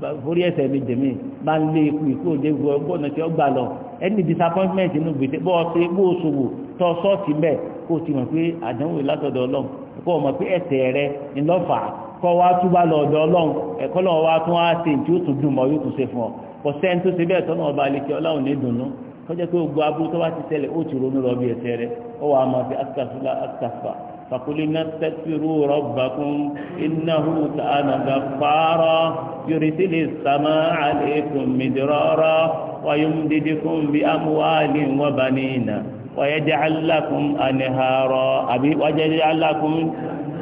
forí ẹsẹ̀ mi jẹ̀mí bá ń lé ikú ikú òde gbọ́ ọgbọ́nà tí ó gbà lọ ẹni disappointment inú gbèsè bọ́ ọtí bó o ṣòwò tọ́ sọ́ọ̀tì mẹ́ kó o ti mọ̀ pé àdánwò látọ̀dọ̀ ọlọ́run kó o mọ̀ pé ẹsẹ̀ rẹ ńlọ́fà kọ́ wa tún bá lọ ọ̀dọ̀ ọlọ́run ẹ̀kọ́ lọ́wọ́ wa tún wá ṣe tí ó tún dùn mọ́ yóò tún ṣe fún ọ kò sẹ́ni tó ṣe bẹ́ẹ̀ tọ́nà ọba àlekí ọlọ́run ní dùnú kọjá pé gbogbo aburú tó bá ti ṣẹlẹ̀ ó ti ronú lọ bí ẹsẹ̀ rẹ ó wàá mọ̀ pé asukasula asukasufa فقلنا استغفروا ربكم إنه كان غفارا يرسل السماء عليكم مدرارا ويمددكم بأموال وبنين ويجعل لكم أنهارا ويجعل لكم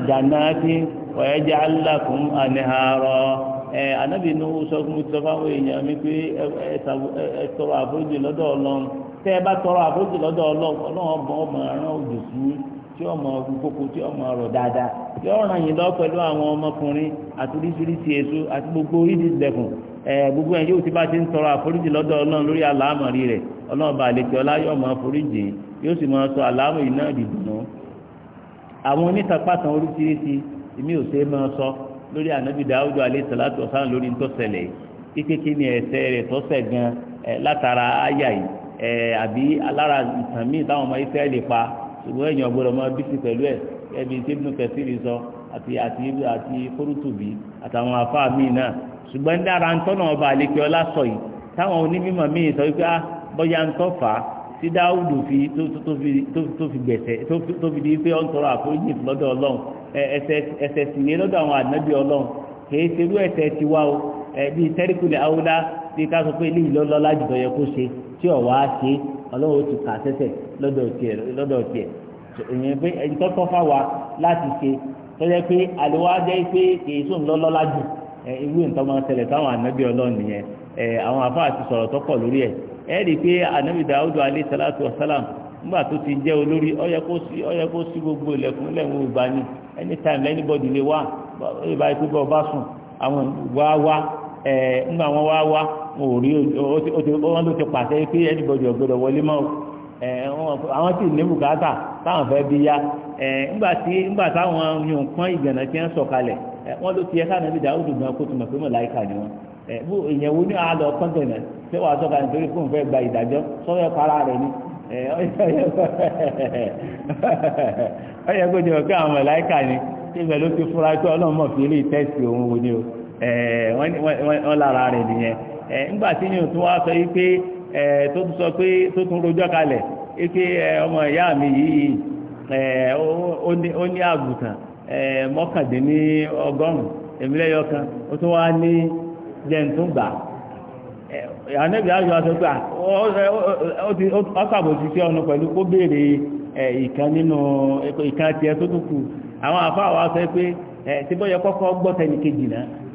جنات ويجعل لكم أنهارا anabi nuhu sọ fún mi sọ fáwọn èèyàn mi pé ẹ tọrọ àforíjì lọ́dọ̀ Ọlọ́run tẹ ẹ bá tọrọ àforíjì lọ́dọ̀ Ọlọ́run tí ọmọ ọgùn kókó tí ọmọ ọrọ̀ dáadáa tí ọ̀ràn yìí lọ pẹ̀lú àwọn ọmọkùnrin àti oríṣiríṣi èso àti gbogbo oríṣi ìdẹ̀kùn ẹ̀ gbogbo ẹ̀yìn yóò ti bá ti ń tọrọ àforíjì lọ́dọ̀ ọlọ́run lórí àlámọ̀rí rẹ̀ ọlọ́run bá àlejò ọlá yóò mọ àforíjì yóò sì máa sọ àlámọ̀ yìí náà dìdùnú. àwọn onítàpátan oríṣiríṣi èmi ò ṣe é máa sọ lórí ànábì dáúdù alẹ́ sàlátù lórí ni ẹ̀sẹ̀ rẹ̀ tọ́sẹ̀ gan látara áyà yìí àbí alára pa ìwé èèyàn gbọ́dọ̀ máa bísí pẹ̀lú ẹ̀ ẹbí tí ibùdó kẹsìrì sọ àti àti àti kórùtùbí àtàwọn afáà míì náà ṣùgbọ́n dára ń tọ́nà ọba àlekè ọlá sọ yìí táwọn onímọ̀ míì sọ wípé ah, bọ́yá ń tọ́ fà á tí dáúdù fi tó fi gbẹ̀sẹ̀ tó fi di pé ó ń tọrọ àforíjì lọ́dọ̀ ọlọ́run ẹ̀ṣẹ̀ sì ní lọ́dọ̀ àwọn ànábì ọlọ́run kìí ṣerú ẹ̀ṣẹ̀ ti wá o bíi tẹ́ríkùlẹ̀ awúlá bíi ká sọ pé eléyìí lọ́lọ́lá jùlọ yẹ kó ṣe tí ọ̀ wá ṣe é ọlọ́wọ́ ti kà sẹ́sẹ̀ lọ́dọ̀ tiẹ̀ lọ́dọ̀ pé ẹni tó tọ́ fáwa láti ṣe tọ́jà pé àlewá jẹ́ pé kìí sùn lọ́lọ́lá jù irú nǹkan máa ń táwọn ànábì ọlọ́run nìyẹn àwọn àfáà ti sọ̀rọ̀ tó lórí ẹ̀ ẹ rí i pé ànábì Dáúdù alayhi salatu wa nígbà tó ti jẹ́ olórí ó kó sí gbogbo ilẹ̀kùn lẹ́wọ̀n ìgbani anytime anybody lè wá ìbá ikú bọ́ bá sùn àwọn ìgbà wá ńgbà wọn wá wá orí ò rí ló ti pàṣẹ pé ẹnìbọdì ọgbọdọ wọlé mọ àwọn tí ní bùkátà táwọn fẹ́ bí ya ńgbà táwọn ń sọ̀kalẹ̀ ti kó ni wọn wo ní àlọ kọńtẹnà wàá gba ìdájọ́ ni Eh, wọ́n lára rẹ̀ nìyẹn nígbà eh, tí yóò tún wá sọ yìí pé eh, tó tún sọ pé tó tún rojọ́ kalẹ̀ ọmọ ìyá mi yìí ó ní àgùntàn mọ́kàndínní ọgọ́rùn-ún èmi kan ó tún wá ní jẹ̀ǹtúngbà ànẹ́bí àtọ́gbà sí ọ̀nà pẹ̀lú kó ìkan nínú ìkan tiẹ̀ tó tún kù àwọn àfáà wá sọ pé tí bọ́yọ kọ́kọ́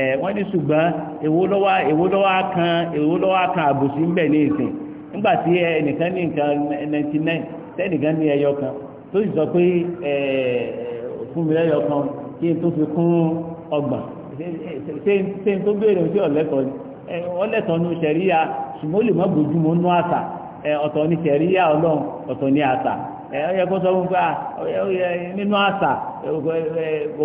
ẹ wọ́n ní ṣùgbọ́n èwo kan èwo kan àbòsí ń bẹ̀ ní ìsìn nígbà tí ẹnìkan ní nǹkan ninety nine tẹ́nìkan ní ẹyọ kan tó sì sọ pé ẹ fún mi kan kí n tó fi kún ọgbọ̀n ṣé n tó béèrè ojú ọ̀lẹ́kọ̀ọ́ ọlẹ́tọ̀ọ́ nu ṣẹ̀ríyà ṣùgbọ́n ó lè má bójúmọ́ nú àṣà ọ̀tọ̀ ní ní àṣà kó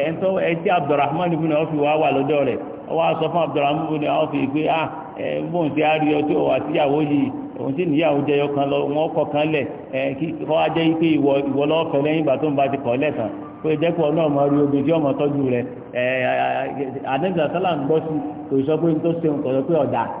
ẹ̀ńtọ́ eji Abdurrahman ibn Awf wà wa lọ́dọ̀ rẹ̀ ọwọ́ sọ fún Abdurrahman ibn a pé à ah, ẹ̀ ń bòun ti ya rí ọtí ọ̀wà síyàwó yìí òun sì kan lọ wọn ọkọ kan lẹ ẹ kí kọ́ á jẹ́ pé ìwọ ìwọ lọ́wọ́ fẹ́ ti náà rí tí ọmọ tọ́jú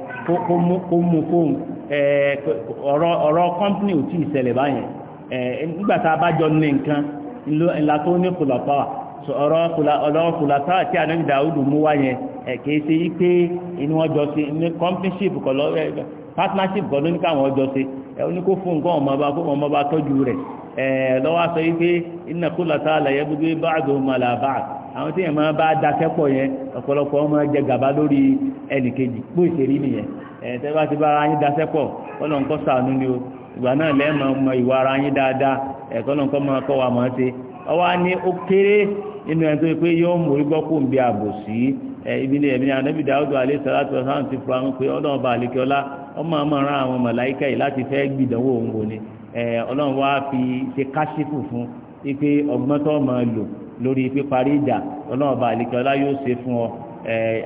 kó mú kóhùn ọ̀rọ̀ kọ́mpínì ò tí ì ṣẹlẹ̀ báyẹn nígbà tá a bá jọ ní nǹkan ńlá tó ní kùlọ̀pá ọ̀rọ̀ kùlọ̀pá tí a náà dàúdù mú wáyẹn kìí ṣe ipé inú ọjọ́ sí ní kọ́mpínṣìp kọ̀lọ́ partnership kọ̀ ló ní káwọn ọjọ́ sí oníkó fún nǹkan ọmọọba kó ọmọọba tọ́jú rẹ̀ lọ́wọ́ sọ wípé iná kùlọ̀pá àlàyé gbogbo bá àdó màlà báàkì àwọn tí yẹn bá dakẹ́pọ̀ yẹn ọ̀pọ̀lọpọ̀ ọmọ jẹ lórí ẹnìkejì bó ìṣèrí nìyẹn ẹ̀ẹ́dẹ́ bá ti bá ara yín dakẹ́pọ̀ ọlọ́run kọ́ sàánú ni o ìgbà náà lẹ́ẹ̀mọ ọmọ ìwà ara yín dáadáa ẹ̀kọ́ lọ́nkọ́ máa kọ́ ma ṣe ọwọ́ á ó kéré nínú ẹni tó pé yóò mórí ń ibi ti ni ọlọ́run wá fi ṣe lórí píparí ìjà ọlọ́run ọba àlekẹ́ ọlá yóò ṣe fún ọ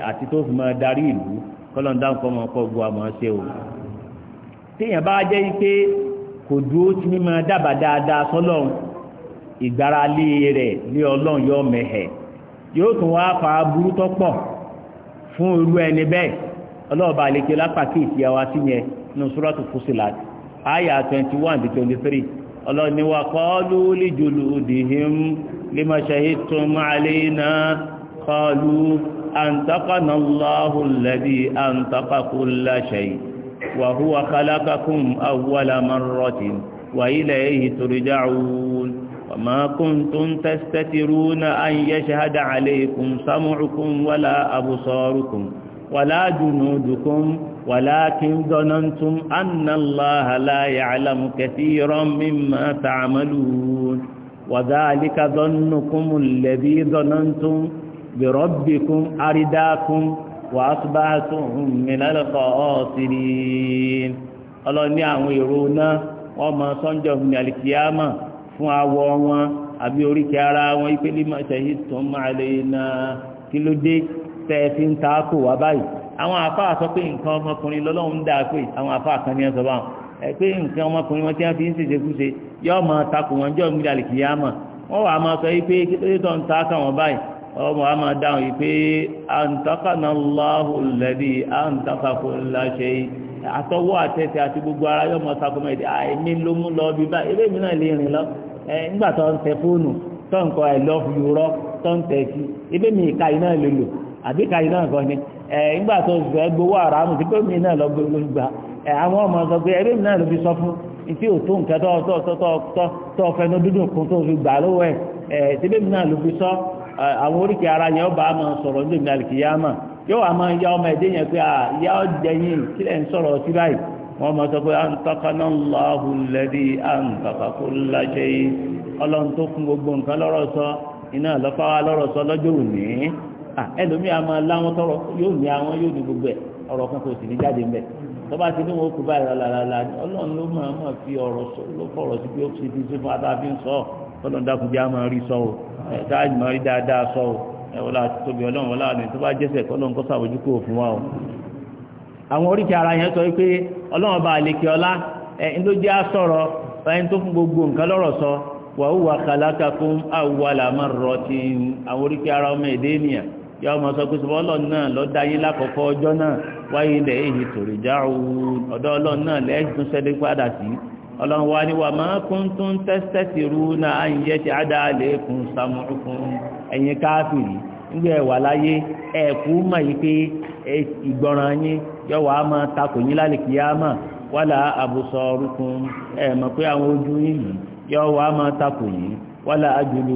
àti tó fi máa darí ìlú kọ́lọ́n dáhùn kọ́ máa kọ́ gbọ́ àmọ́ ṣe o. téèyàn bá jẹ́ pé kò dúró tí mímọ dábàá dáadáa sọ́lọ́run ìgbára lé rẹ̀ lé ọlọ́run yọ mẹ́hẹ̀ yóò tún wá fa burú tó pọ̀ fún irú ẹni bẹ́ẹ̀ ọlọ́ọ̀bá àlekẹ́ lápá kéèkì àwa sí yẹn nínú súrọ́tù twenty one to twenty three ọlọ́ni wa qalu li juludihim lima shahidtum alayna qalu antaqana Allahu alladhi antaqa kulla shay wa huwa khalaqakum awwala marratin wa ilayhi turja'un wa ma kuntum tastatiruna an yashhada alaykum sam'ukum wala ولكن ظننتم أن الله لا يعلم كثيرا مما تعملون وذلك ظنكم الذي ظننتم بربكم أرداكم وأصبحتم من الخاسرين الله ni àwọn èrò náà wọ́n mọ sọ́njọ́ ní alikiyama fún awọ wọn àbí oríkẹ́ ara wọn ìpele máa ṣe yìí tó máa lè na kí ló dé tẹ́ fi ń ta kò wá báyìí àwọn àfáà sọ pé nǹkan ọmọkùnrin lọ́lọ́run dáa pé àwọn àfáà kan ní ẹ sọ báwọn ẹ pé nǹkan ọmọkùnrin wọn tí wọn fi ń ṣèṣekúṣe yóò máa takò wọn jọ mílíọnù yá mọ wọn máa sọ yìí pé tó ń ta káwọn báyìí ọmọ wa máa dáhùn yìí pé àǹtakànà àǹtakàkò ńlá ṣe àti gbogbo ara máa takò lọ ẹ̀ ńgbà tó fẹ́ gbowó àràmù tí pé mi náà lọ gbà ẹ̀ àwọn ọmọ sọ pé ẹbí mi náà ló fi sọ fún ìtí ò tó nǹkan dúdùn kún tó fi gbà ẹ̀ ara ya ọmọ ẹ̀dẹ́ yẹn pé ìyá ọ̀jẹ̀ yín kí lọ́rọ̀ ẹlòmíì a máa láwọn tọrọ yóò ní àwọn yóò ní gbogbo ẹ ọ̀rọ̀ kan kò sì ní jáde ńbẹ tọba ti ní wọn kú báyìí lálálá Ọlọ́run ló máa máa fi ọ̀rọ̀ sọ ló fọ̀rọ̀ sí pé ó fi ṣe fún adáfi ń sọ ọ Ọlọ́run dákun bí a máa rí sọ o ẹ táàjì máa rí dáadáa sọ o ẹ wọlé àti tóbi Ọlọ́run wọlé àdùn tó bá jẹsẹ kọlọn kó sàbójú kúrò fún wa o. àwọn oríkì ara yẹn sọ pé Ọlọ́run bá àlekè ọlá ẹ ń ló jẹ́ ẹni tó fún gbogbo nǹkan lọ́rọ̀ sọ wàhùwà kàlákàkún àwùwà làmárọ̀ ti àwọn oríkì ara ọmọ yọ ọmọ sọ pé ọlọ́run náà lọ dá yín lákọ̀ọ́kọ́ ọjọ́ náà wáyé ilẹ̀ èyí tòrí já òun ọlọ́run náà lẹ́yìn tún sẹ́lẹ̀ padà sí ọlọ́run wa ni wà máa kún tún rú náà yẹ ti ádá kún láyé mọ̀ yìí pé ìgbọràn yín yọ wàá máa takò yín mà, wàlà àbùsọ̀ orúkún ẹ̀ mọ̀ pé àwọn ojú yín yọ wàá máa takò yín wàlà àjùlù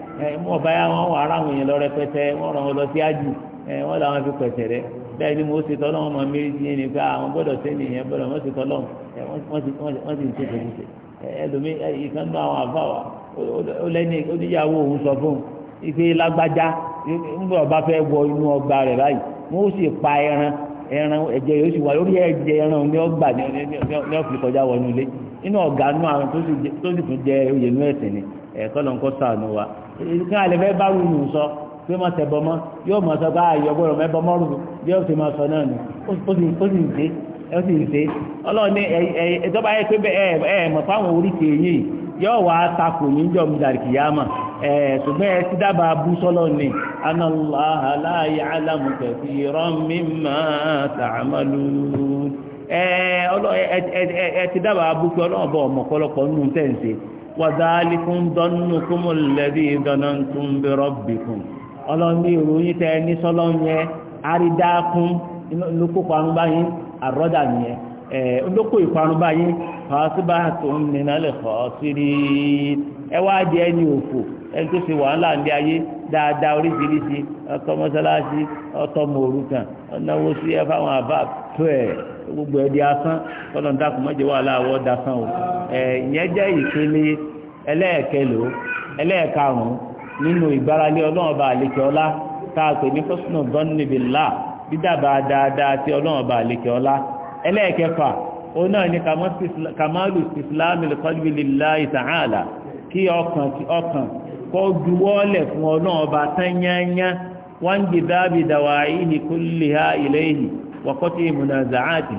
wọn bá yà wọn wà aráwọn yẹn lọ rẹpẹtẹ ọrụ ọdọ wọn lọ sí ájú wọn làwọn fi pẹ̀sẹ̀ rẹ bẹ́ẹ̀ ni mo ṣe tọ́ lọ́wọ́ ọmọ méjì yẹn pé ah, àwọn gbọ́dọ̀ sẹ́ni yẹn gbọ́dọ̀ wọ́n ṣe tọ́ lọ́wọ́ sì ń ṣe ẹlòmí ìkan náà àwọn wa ó lẹ́ni oníyàwó òun sọ fún un ife lágbájá fẹ́ wọ inú ọgbà rẹ̀ báyìí wọ́n ni ẹ̀kọ́ lọ́nkọ́ sàánú nǹkan àlẹ́fẹ́ bá wù yìí sọ pé má tẹ̀bọ mọ́ yóò mọ̀ sọ bá àyọ̀gbọ́rọ̀ ah, mẹ́bọ mọ́rùn yóò fi máa sọ náà nù ó sì ń ṣe ó sì ń ṣe ọlọ́run ní ẹ̀ẹ́dọ́gba pé ẹ fáwọn oríkè yìí yóò wá takò yín jọ mi dàrí ti bú ni ti dábàá bú ọmọ ọ̀pọ̀lọpọ̀ nínú wàdálíkún dọ́nùkún lẹ́bí ìdánántún bí rọ́bìkún ọlọ́ni ìròyìn tẹ ní sọ́lọ́n yẹn àrídákún lókò parun báyìí àrọ́dà nìyẹn lókò ìparun báyìí fàásùbà tó ń nìyẹn lè kọ́ sírí ẹ wá di ẹni òfò ẹni tó ṣe wàhálà ní ayé dáadáa oríṣiríṣi ọtọ mọ́sálásí ọtọ mòrukàn ọ̀nà sí ẹ fáwọn àbá tó gbogbo ẹ̀dí asán ọlọ́run dákun mọ́jẹ́ wà láàwọ̀ dasán o ìyẹn jẹ́ ìpele ẹlẹ́ẹ̀kẹlò ẹlẹ́ẹ̀karùn-ún nínú ìgbáralé ọlọ́run ọba àlekè ọlá tá a pè ní kọ́sùnà gọ́nìbìlá dídàbà dáadáa tí ọlọ́run ọba ẹlẹ́ẹ̀kẹfà òun náà ni kamalu islami lẹ́kọ́lùbí lillahi ta'ala kí ọkàn ọkàn kọ́ juwọ́lẹ̀ fún wọ́kọ́tì mùnàzàáàtì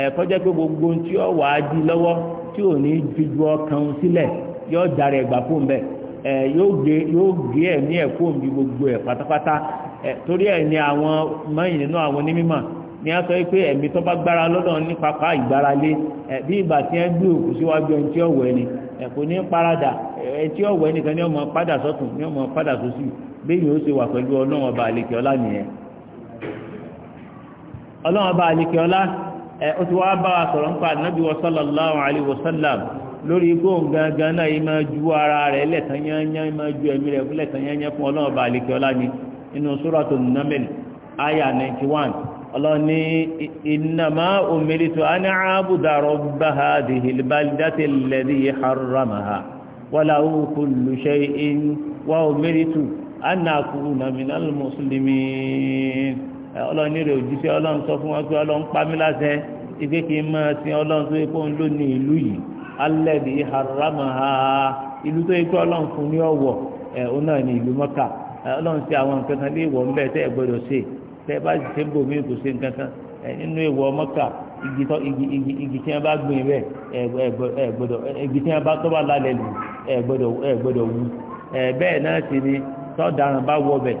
ẹ̀ kọjá pé gbogbo tí ó wà á di lọ́wọ́ tí ò ní fi ju ọkàn sílẹ̀ yóò darí ẹgbà fún bẹ́ẹ̀ ẹ̀ yóò gé yóò gé ẹ̀mí ẹ̀ fún bí gbogbo ẹ̀ pátápátá ẹ̀ torí ẹ̀ ní àwọn mọ́yìn nínú àwọn onímọ̀ ni a sọ pé ẹ̀mí tó bá gbára lọ́dọ̀ ní pápá ìgbáralé bí ìgbà tí ẹ gbé òkú síwájú ẹni tí ọ̀wọ́ ẹni kò ní parada ẹni tí ọ̀wọ́ ẹnìkan ni ọmọ padà sọ́tún ni ọmọ padà sósì bẹ́ẹ̀ ni ó ṣe wà pẹ̀lú ọlọ́run ọlọ́run bá àlekè ọlá ó ti wá bá wa sọ̀rọ̀ nípa ànábì wa sallallahu alayhi wa sallam lórí gbóhùn gangan náà yìí máa ju ara rẹ̀ lẹ́tàn yányá yìí máa ju ẹ̀mí rẹ̀ fún lẹ́tàn yányá fún ọlọ́run bá àlekè ọlá ni inú suratul naml aya ninety one ọlọ́run ní innama ọlọ́run rẹ̀ òjíṣẹ́ ọlọ́run sọ fún wọn pé ọlọ́run pa mí láṣẹ ìgbé kí n máa sin ọlọ́run tó yẹ kó ń lò ní ìlú yìí alẹ́bí haramaha ìlú tó yẹ kó ọlọ́run fún ní ọ̀wọ̀ ẹ̀ ọ náà ní ìlú mọ́kà ọlọ́run ṣe àwọn nǹkan kan lé ìwọ̀ ńbẹ tẹ́ ẹ gbọ́dọ̀ ṣe tẹ́ ẹ bá ṣe ń bòmí kò ṣe nǹkan kan nínú ìwọ̀ mọ́kà igi tí wọ́n bá gbìn bẹ́ẹ̀ ẹ gbọ́dọ̀ igi tí wọ́n bá tọ́ bá lálẹ́ lù ẹ gbọ́dọ̀ wú bẹ́ẹ̀ náà sì ni tọ́ daràn bá wọ bẹ́ẹ̀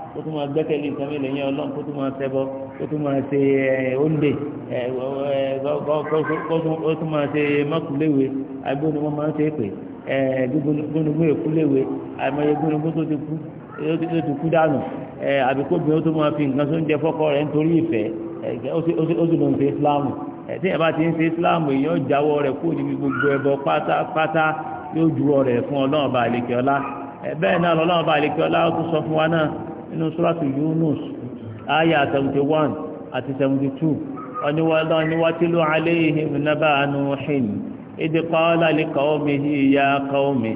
kó tó máa gbẹ́kẹ̀lé nǹkan mi lẹ́yìn ọlọ́run kó tó máa ṣẹbọ kó tó máa ṣe eh, oúnjẹ eh, eh, kó tó máa ṣe mọ́kùléwe àbí ó ní wọ́n máa ń ṣe é pè gbónúgbó èkúléwe àmọ́yẹ gbónúgbó tó ti kú tó ti kú dànù àbí kó bìnrin tó máa fi nǹkan tó ń jẹ fọ́kọ rẹ̀ nítorí ìfẹ́ ó sì lọ ń ṣe Islam tí ẹ bá ti ń ṣe Islam èèyàn jáwọ́ rẹ̀ kó níbi gbogbo ẹbọ pátápátá yóò juwọ́ rẹ̀ fún ọlọ́run bá àlekè ọlá bẹ́ẹ̀ náà lọ́lọ́run bá àlekè ọlá ó tún sọ fún wa náà nínú sọ́làtù Yunus aya seventy one àti seventy two oníwàtílù aléhìn nàbà ànúhìn ìdíkọ́lá lìkọ́ọ̀mì ìyá kọ́ọ̀mì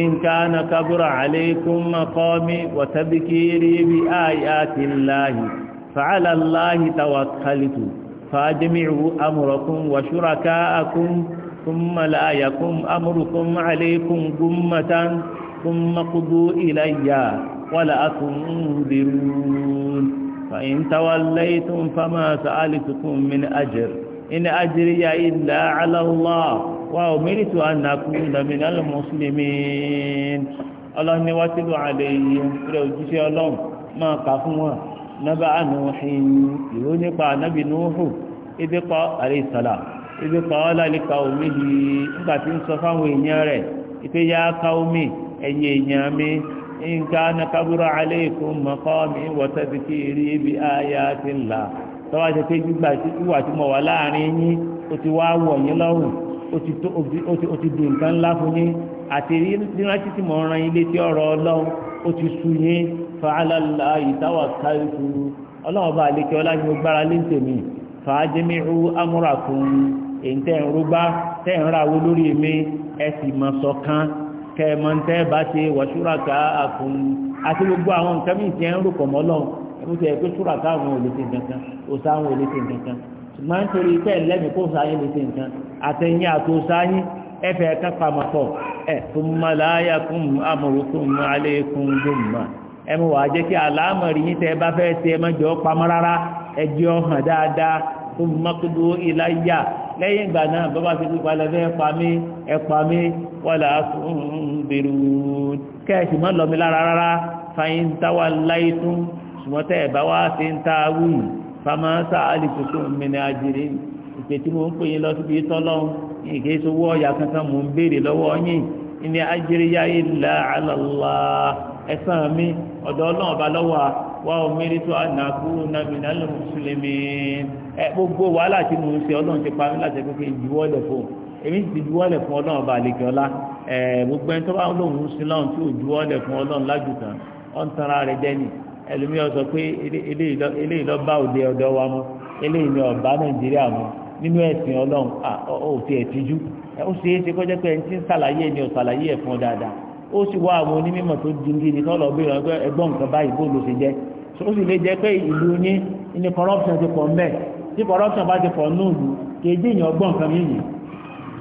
ìǹkànà kábùrà alékún makọ́ọ̀mì wàtàbíkiri bí ayati láhì fàálà láhì tawakalitu fàájímìrù amúrọ̀kún wàṣúraká akún ثم لا يكن أمركم عليكم جمة ثم قضوا إليّ ولا تنذرون فإن توليتم فما سألتكم من أجر إن أجري إلا على الله وأمرت أن أكون من المسلمين الله نواتل عليهم إلى وجيش الله ما قفوا نبع نوح يونقع نبي نوح إذ قال عليه السلام إذ قال لقومه إذ قال صفا وإنياره إذ يا قومي أي إنيامي إن كان كبر عليكم مقامي وتذكيري بآيات الله tọ́wọ́ ṣe pé gbígbà ìwà tí mo wà láàrin yín ó ti wá wọ̀ yín lọ́rùn ti dùn nǹkan ńlá fún o ti rírántí tí mo ran yín létí ọ̀rọ̀ ọlọ́run ó ti sú yín fàálàlà ìtawà káyọ̀tù ọlọ́run bá lè kí ọlá ní gbára lé tèmi fàájẹ́mìíràn amúrakùn èyí tẹ́ ń rúgbá mi kẹmọ̀ntẹ́ bá ṣe wàṣúraka àkùn àti gbogbo àwọn nǹkan mí ti ń rúkọ̀ mọ́ lọ́wọ́ ẹ̀mú ti ẹ̀ pé ṣúraka àwọn ò lè ṣe nǹkan òṣà àwọn ò lè ṣe nǹkan ṣùgbọ́n nítorí pé kó sáyé lè ṣe àtẹ̀yìn àti òṣáyé ẹ̀fẹ̀ ẹ̀ka pamọ́pọ̀ ẹ̀ tó mọ́láyà kún amòrókùn alékún gbòmùmá ẹ̀mú wàá jẹ́ kí àlámọ̀rí yín tẹ́ bá fẹ́ ṣe ẹ̀mọ́jọ́ tó mọ́kúdó iláyà lẹ́yìn ìgbà náà bọ́bá ti pípa lẹ́fẹ́ ẹ̀pà mi ẹ̀pà mi wọ́lá fún bèrú kẹ́ẹ̀sì mọ́ lọ́mi lára rárá fàyín táwa láyé tún ṣùgbọ́n tẹ́ ẹ̀ bá wá sí ń ta awú famasa alikoko mene ajiri ìpè tí mo ń pè yín lọ síbi tọ́lọ́hún ìké sowó ọ̀yà kankan mò ń béèrè lọ́wọ́ yín ìní ajiri ya illa ala ẹ̀sán mi ọ̀dọ̀ ọlọ́ọ̀ba lọ́wọ́ wa ò mérí tó ànàkú nàmínà lọ́mùsùlùmí ẹ gbogbo wàhálà tí mo ń ṣe ọlọ́run ti pa mí láti ẹgbẹ́ kí n juwọ́ lẹ̀ fún èmi ti juwọ́ lẹ̀ fún ọlọ́run ọba àlejò ọlá ẹ gbogbo ẹni tó bá lóun sí lọ́run tí ò juwọ́ lẹ̀ fún ọlọ́run lájùtàn ọ̀ ń tanra rẹ̀ jẹ́ nì ẹlòmíràn sọ pé eléyìí lọ bá òde ọ̀dọ́ wa mọ́ eléyìí ni ọ̀bá nàìjíríà mọ́ nínú ẹ̀sìn ọlọ́run òtí ẹ̀tíjú ó ṣe é ṣe kọjá pé ẹni tí ń ṣàlàyé ẹni ọ̀ṣàlàyé ẹ̀fọn dáadáa ó sì wá àwọn onímọ̀ tó dingin ní tọ́lọ̀ bí ẹgbọ́n nǹkan báyìí bó ló ṣe jẹ́ ó sì lè jẹ́ pé ìlú yín ní corruption ti pọ̀ mẹ́ẹ̀ tí corruption bá ti pọ̀ nóòlù kéjì èèyàn ọgbọ́n kan mí yìí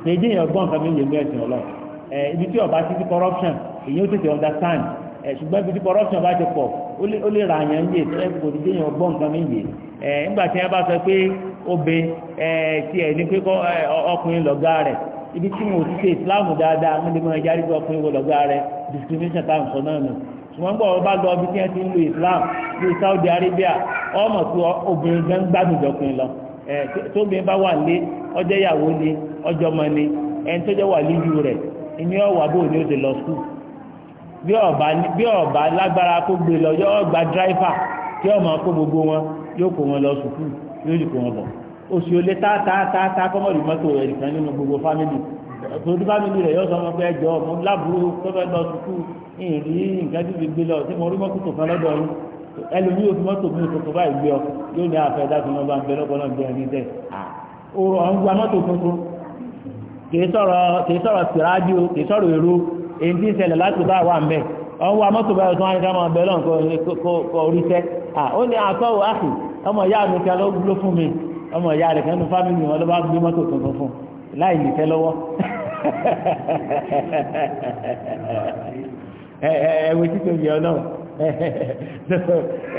kéjì èèyàn ọgbọ́n kan mí yìí ní ẹ̀sìn ọlọ́ ẹ ibi tí ọba ti ti corruption èyí ó tètè understand ẹ ṣùgbọ́n ibi tí corruption bá ti pọ̀ ó lè ra àyàn yìí ẹ kò ní kéjì ọgbọ́n kan mí obe ẹ ti ẹ ní pé ọkùnrin lọ́gá rẹ̀ ibi tí ti ṣe Islam dáadáa ọkùnrin wo lọ́gá discrimination táwọn ṣùgbọ́n gbọ́ ọba lọ bí kí ti Islam ní Saudi Arabia ọmọ tó obìnrin gan gbádùn jọkùnrin lọ tóbìnrin bá wà lé ọjọ́ ìyàwó ni ọjọ́ ọmọ ni ẹni tó jẹ́ wà lílu rẹ̀ ìní ọ̀wà bò ọba lágbára kó gbé lọ yọ ọgbà dráìfà gbogbo wọn yóò kó wọn lọ sùkúù yóò kó wọn bọ̀ oṣù olè tá tá tá tá kọ́mọ̀lì rẹ̀ tòdú fámìlì rẹ̀ yọ sọ ọmọ pé ẹjọ́ ọmọ lábúrò tọ́fẹ́ lọ sùkú ìrì nǹkan tí fi gbé lọ sí mo rí mọ́tò kan lọ́dọ̀ ọ̀run ẹlòmí yóò fi mọ́tò mi tuntun báyìí gbé ọ yóò ní àfẹ́ dákun náà bá ń bẹ lọ́kọ́ náà bí ẹni tẹ̀ ọ̀rọ̀ ọ̀hún gba tuntun kì í sọ̀rọ̀ síráàdì o kì í sọ̀rọ̀ èrò èyí tí ń ṣẹlẹ̀ láti bá wà ń bẹ̀ ọ̀hún wa mọ́tò báyìí tó wá ní ká máa bẹ lọ́n kọ orí tẹ́ ó ní àtọ́wò áàfì ọmọ ìyá mi kan ló gbó fún mi ọmọ ìyá rẹ̀ kan ní fámìlì wọn ló bá gbé mọ́tò tuntun fún un láì nìfẹ́ lọ́wọ́ ẹ̀wẹ̀ títí òbí ọlọ́run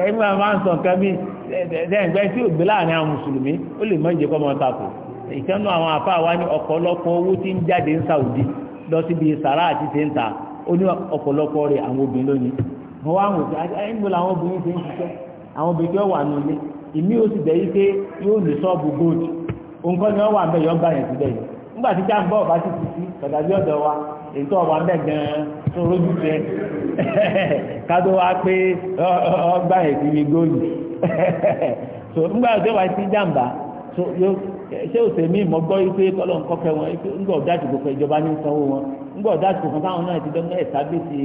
ẹ̀yìn máa máa ń sọ nǹkan bí ẹ̀ẹ́dẹ́gbẹ́ tí ò gbé láàrin àwọn mùsùlùmí ó lè mọ́ ìjẹ́kọ́ mọ́ tako ìkànnù àwọn àfa wa ní ọ̀pọ̀lọpọ̀ owó tí ń jáde lọ síbi àti ó ní ọ̀pọ̀lọpọ̀ àwọn obìnrin nǹkan ni wọ́n wà bẹ́ẹ̀ yọ̀ǹgbà yẹn síbẹ̀ yìí nígbà tí jáǹbọ̀ bá ti ọ̀dọ̀ wa ètò ọ̀wà ń bẹ̀ gan-an tó rójú jẹ kátó wa pé mi góòlù so nígbà tí wọ́n ti ṣé òsè mi gbọ́ ń kọ́kẹ́ wọn ìjọba ní sanwó wọn kan táwọn náà ti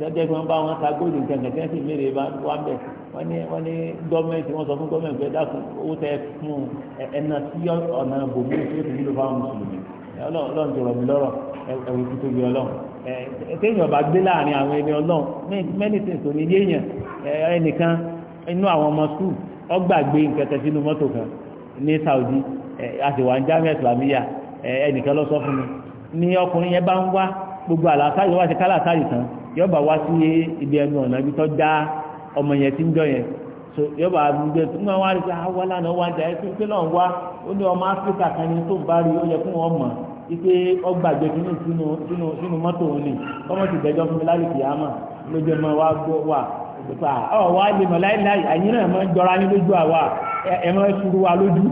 gẹ́gẹ́ bí wọ́n bá wọn ta góòlù gẹ́gẹ́ gẹ́gẹ́ sì mèrè bá wà bẹ̀ wọ́n ní wọ́n ní gọ́ọ̀mẹ̀ntì wọ́n sọ fún gọ́ọ̀mẹ̀ntì pé dákun owó tẹ fún ẹ̀ẹ́nà sí ọ̀nà bòmí tí ó ti nílò fáwọn mùsùlùmí ọlọ́run ti rọ̀ mí lọ́rọ̀ ẹ̀wù ti tóbi ọlọ́run téèyàn bá gbé láàrin àwọn ẹni ọlọ́run mẹ́nìtì tó ní yéèyàn ẹnìkan inú àwọn ọmọ skul ọgbàgbé nkẹtẹ sínú mọ́tò kan ní Saudi àtiwà ń jámẹ́ Islamiyya ẹnìkan lọ sọ fún mi ní ọkùnrin yẹn bá ń wá gbogbo àlàáfáà yìí wá ti kálàáfáà yìí tán yọba wá sí ibi ẹnu ọ̀nà ibi tó dá ọmọ yẹn ti ń jọ yẹn so yọba gbẹ tó ń wá rí pé àwa ah, wá jà ẹsẹ pé náà wá ó ní ọmọ áfíríkà kan ní tó ń bá rí ó yẹ fún ipe ọgbàgbé sínú sínú sínú ọmọ ti fún ọmọ wa gbọ́ wà ìpa ọ̀ wá lè náà wa lójú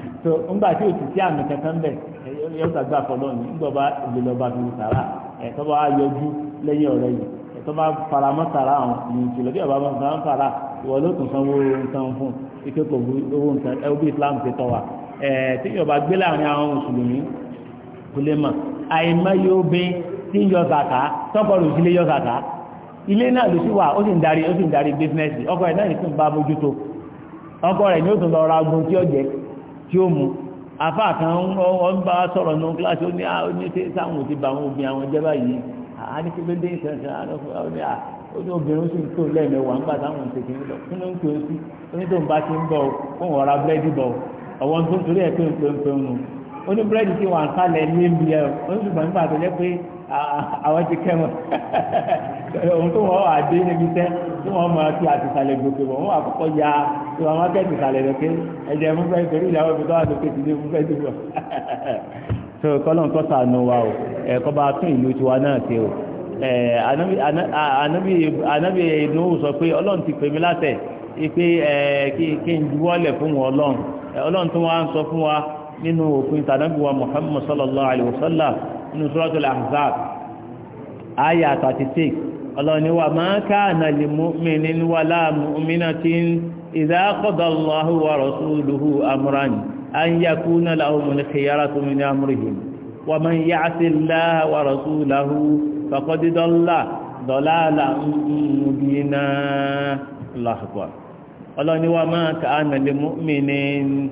tó ńgbà tí o ti sí àmì kankan bẹ̀ yóò sàgbà fọlọ́ ní ńgbọ̀ba ìlélọ́ba fi sàrà ẹ̀tọ́ bá yọjú lẹ́yìn ọ̀rẹ́ yìí ẹ̀tọ́ bá faramọ́ sàrà àwọn ìyìn ìṣòlẹ́ bí ọba fara ló tún sanwó nǹkan fún ike kò bu Islam ti tọ́ wa ẹ̀ tí yọba gbé láàrin àwọn mùsùlùmí kò lè mọ̀ àìmọ́ yóò bẹ tí ń yọ zàkà lè yọ zàkà ilé náà ló sì wà ó sì ń darí ó sì ń darí ọkọ náà tún bá ọkọ tí ó mu afa kan wọn bá sọ̀rọ̀ nù kíláàsì ó ní oníṣẹ́ ah, sáwọn ti ba àwọn obìnrin àwọn jẹ́ báyìí àníkébé dé ìṣẹ̀ṣẹ̀ àlọ́fọ́ oní ah, obìnrin sì ń tó lẹ́ẹ̀mẹ́wàá ń bá táwọn ṣe kìíní lọ kí ló ń tó sí onítòun bá ti ń bọ̀ fún ọ̀rá búrẹ́dì bọ̀ ọ̀wọ́ tó ń torí ẹ̀ pé ń pé ń àwọn ti kẹ́ wọn ohun tó wọ́n wà dé níbi tẹ́ tí wọ́n máa fi àtìsàlẹ̀ gòkè wọ́n wà kọ́kọ́ ya tí wọ́n máa kẹ́ àtìsàlẹ̀ rẹ̀ pé ẹ̀jẹ̀ mú fẹ́ torí ìyàwó mi tó wà lókè ti dé mú fẹ́ dìbò so kọ́lọ́n kọ́ sànù wa o ẹ̀kọ́ bá tún ìlú tiwa náà ṣe o ànábì inú sọ pé ọlọ́run ti pè mí látẹ̀ pé kí n juwọ́lẹ̀ fún wọn ọlọ́run ọlọ́run tó wá ń sọ fún wa nínú òfin tànábì wa Muhammad sallallahu alayhi wa sallam nínú suratul ahzab aya thirty six ọlọ́ni wa ma kana li mu'minin wala mu'minatin idha qada Allahu wa rasuluhu amran an yakuna lahumul khiyaratu min amrihim wa man ya'si Allaha wa rasulahu faqad dalla dalalan mubina Allahu akbar ọlọ́ni wa ma kana li mu'minin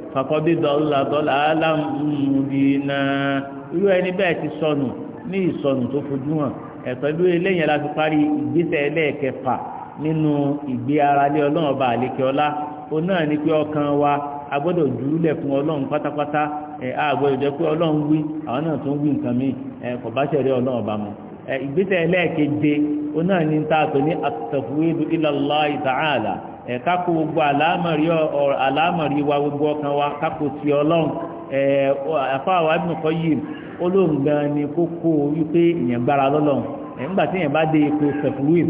fakọ́bí dọ́là dọ́là alámùbínà irú ẹni bẹ́ẹ̀ ti sọnù ní ìsọnù tó fojú hàn ẹ̀tọ́ ìlú eléyìn la fi parí ìgbésẹ̀ ẹlẹ́ẹ̀kẹfà nínú ìgbé ara lé ọlọ́run ọba ọlá ó náà ní pé ọkàn wa a gbọ́dọ̀ fún ọlọ́run pátápátá ẹ̀ a gbọ́dọ̀ jẹ́ pé ọlọ́run wí àwọn náà tó ń wí nǹkan ẹ̀ kò bá ọlọ́run ọba mu ìgbésẹ̀ ó náà ní ta ní ẹ gbogbo àlámọ̀rí wa gbogbo ọkàn wa kákó ti ọlọ́run ẹ àfa àwọn Ibn Qayyim gan ni kókó wípé ìyẹn lọ́lọ́run ẹ̀ ńgbà bá dé ipò sẹ̀fúrúwìn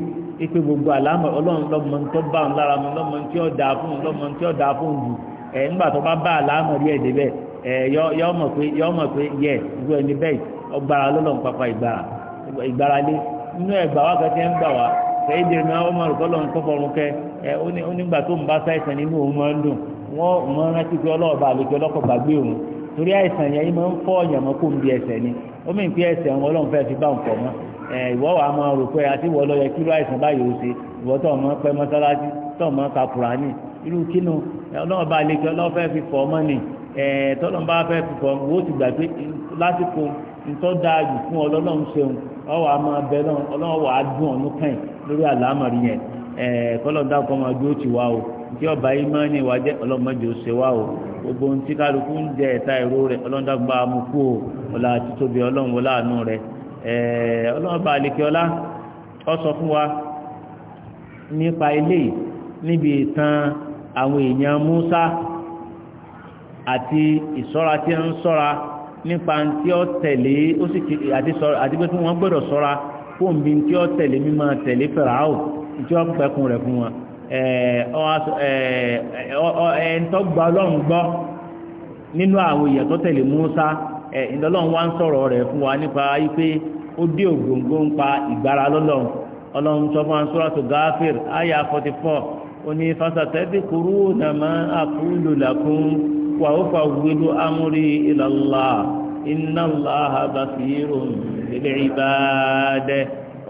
gbogbo àlámọ̀ ọlọ́run lọ́mọ tó bá lára mu lọ́mọ tí ó dáa fún un lọ́mọ tí ó dáa fún un jù tó bá bá ẹ̀ yọ ẹ onígbà tó ń bá sáìsàn nínú òun máa ń dùn wọ́n máa ń rántí pé ọlọ́ọ̀bá àlejò ọlọ́kọ̀ gbàgbé òun torí àìsàn yẹn yìí máa ń fọ́ ọ̀yàn mọ́ kó ń bi ẹsẹ̀ ni ó mì ń pé ẹsẹ̀ wọn ọlọ́run fẹ́ẹ́ fi bá nǹkan mọ́ ẹ ìwọ wa máa rò pé àti ìwọ lọ yẹ kí irú àìsàn báyìí ó ṣe ìwọ tó ọmọ pẹ́ mọ́sálásí tó ọmọ ka kùránì irú kínú ọlọ́run bá lè kí ọlọ́run fẹ́ẹ́ fi fọ́ ọmọ nì ẹ tọ́lọ́run bá fẹ́ẹ́ fi fọ́ ọmọ wò ó ti gbà pé lásìkò ntọ́ da jù fún ọlọ́run ṣeun kọlọ́dá kọ́ máa dúró tì wá o tí ọba yìí máa ní ìwà jẹ́ ọlọ́mọdé ó ṣe wá o gbogbo ohun tí kálukú ń jẹ ẹ̀ta ìró rẹ̀ ọlọ́dá gba mú kú o ọ̀la títóbi ọlọ́run wọlé rẹ̀ ọlọ́ọ̀bà àlekíọ́lá ọ sọ fún wa nípa ilé níbi ìtàn àwọn èèyàn Musa àti ìṣọ́ra tí ń ṣọ́ra nípa tí ó tẹ̀lé ó sì àti pé kí wọ́n gbọ́dọ̀ ṣọ́ra fóònù bí tí ó tẹ̀lé mímọ́ tẹ̀lé Fáráò tí wọ́n pẹ̀kun rẹ̀ fún wọn ẹ̀ẹ́ntọ́ gba ọlọ́run gbọ́ nínú àwọn èèyàn tó tẹ̀lé Musa ìdọ́lọ́run wá ń sọ̀rọ̀ rẹ̀ fún wa nípa wípé ó dé ògbóǹgbó ń pa ìgbára lọ́lọ́run ọlọ́run sọ fún Suratu Ghafir aya forty four oní fasatadhkuruna ma aqulu lakum wa ufawwidu amri ila Allah inna Allaha basirun bil ibad.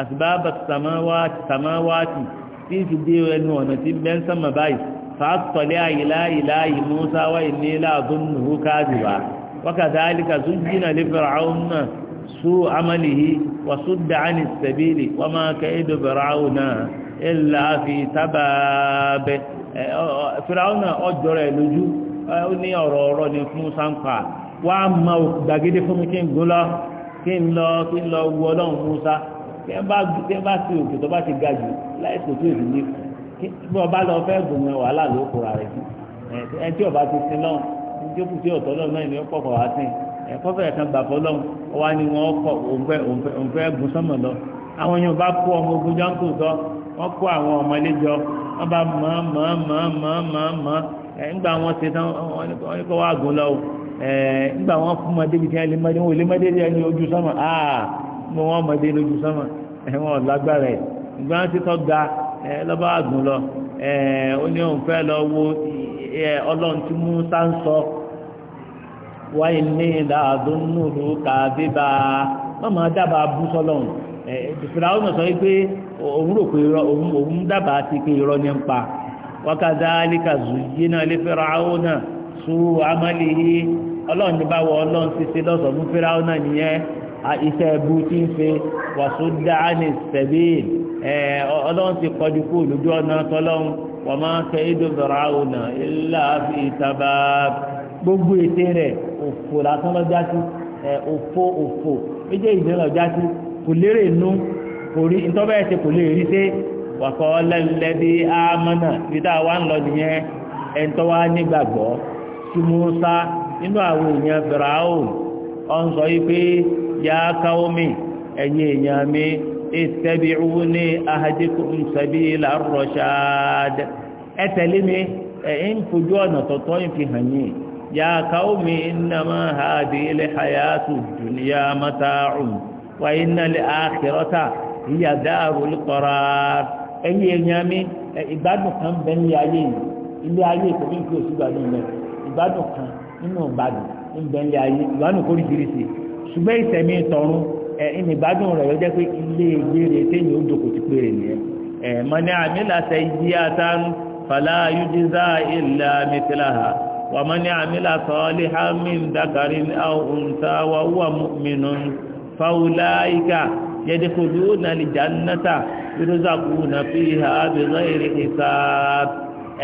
àsìbábà sàmáwáàtì tí fi dé ẹnu ọ̀nà tí bẹ́ẹ̀ sánmà báyìí fàátọ̀lẹ́ àyílá ìlà ìmúsá wà ní láàdúnnù káàdùbà وكذلك زجن لفرعون سوء عمله وصد عن السبيل وما كيد فرعون إلا في تباب فرعون أجر لجو ní ọ̀rọ̀ ọ̀rọ̀ ni fún sáńpà wá ma gbàgede fún mi tí ẹ bá tí ẹ bá ti òkè tó bá ti ga jù láì kò tó ìdílé kí wọn bá lọ fẹ́ gbòmọ wàhálà ló kóra rẹ jù ẹ tí ọba ti sin náà tí ó kù sí ọ̀tọ̀ náà náà ni ó pọ̀ pọ̀ wá sí ẹ kọ́fẹ́ kan gbà fọ́ lọ́hùn ó wá ní wọn kọ òǹfẹ́ òǹfẹ́ gun sọ́mọ̀ lọ àwọn yóò bá kó ọmọ ogun jọ sọ wọn kó àwọn ọmọ ilé jọ wọn bá mọ mọ mọ mọ mọ mọ ẹ ńgbà wọn ti tán wọn ní wá gùn lọ ẹ ńgbà wọn fún ọmọdé bìtẹ́ ẹ lé mọ́dé wọn lé mọ́dé rí ẹni ojú sọ́mọ̀ áà mọ wọn mọdé lójú sọmọ ẹwọn lágbára ẹ ìgbà wọn ti tọ ga ẹ lọba àgùn lọ ẹ ó ní òun fẹ́ lọ wo ẹ Ọlọ́run tí mú sáńsọ wáyé ní ìdáàdúnnù kàdébà wọn máa dábàá bú sọ́lọ́run ẹ fìlà ọmọ sọ pé òun rò pé òun dábàá ti pé irọ́ ní ń pa wakadhalika zuyina li firauna su amalihi ọlọ́run ní báwo ọlọ́run ti ṣe lọ́sọ̀ọ́ fún firauna nìyẹn iṣẹ́ ẹbú tí ń ṣe wàsúdá ánì sẹ̀bíìn ọlọ́run ti kọjú kú lójú ọ̀nà tọ́lọ́run wọ́n máa ń kẹ́ ìdó bẹ̀rẹ̀ àwòrán ilá fi ìtaba gbogbo ète rẹ̀ òfò lásán lọ́jà sí òfò òfò méjèèjì ní lọ́jà sí kò lérè nú kò rí ntọ́bẹ̀ ẹ̀sẹ̀ kò lè rí sé wàkọ́ lẹ́lẹ́bí ámánà bí tá a wá ń lọ nìyẹn ẹ̀ńtọ́ wá nígbàgbọ́ tí mo sá nínú àwọn èèyàn bẹ̀rẹ̀ àwòrán ọ̀ ń sọ yìí pé yá káwọ́mì ẹ̀yin èèyàn mi ittabi'uni ahdikum sabila ar-rashad ẹ tẹ̀lé mi ẹ̀ ń fojú ọ̀nà tọ̀tọ̀ yìí fi hàn yín yá káwọ́mì innama hadhihi al-hayatu ad-dunya mata'un wa inna al-akhirata hiya darul qarar ẹ̀yin èèyàn mi ìgbádùn kan bẹ́ẹ̀ ní ayé ilé ayé kò ní kí o sì gbádùn mẹ́ ìgbádùn kan nínú ìgbádùn ń bẹ́ẹ̀ ní ayé ìgbádùn kórìkìrìsì ṣùgbọ́n ìsẹ̀mí tọ̀run ẹ̀ ìnìgbádùn rẹ̀ yọjẹ́ pé ilé ìgbére téèyàn ó dòkò ti péré nìyẹn ẹ̀ mọ́ni àmìlàsẹ̀ yí àtàn fàlà yújísà ìlà mìtìláha wà mọ́ni àmìlàsọ̀ lihamin dakarin ahunta wà wà mímínú fàwùláìkà yẹ́dẹ́kọ̀lùnà lìjànàtà yúrúzàkùnà fìhà bìgáìrì ìsáàb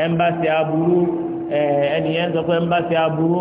ẹ̀ńbàṣẹ̀ aburú ẹ̀ẹ́nìyẹn sọ pé ẹ̀ńbàṣẹ̀ aburú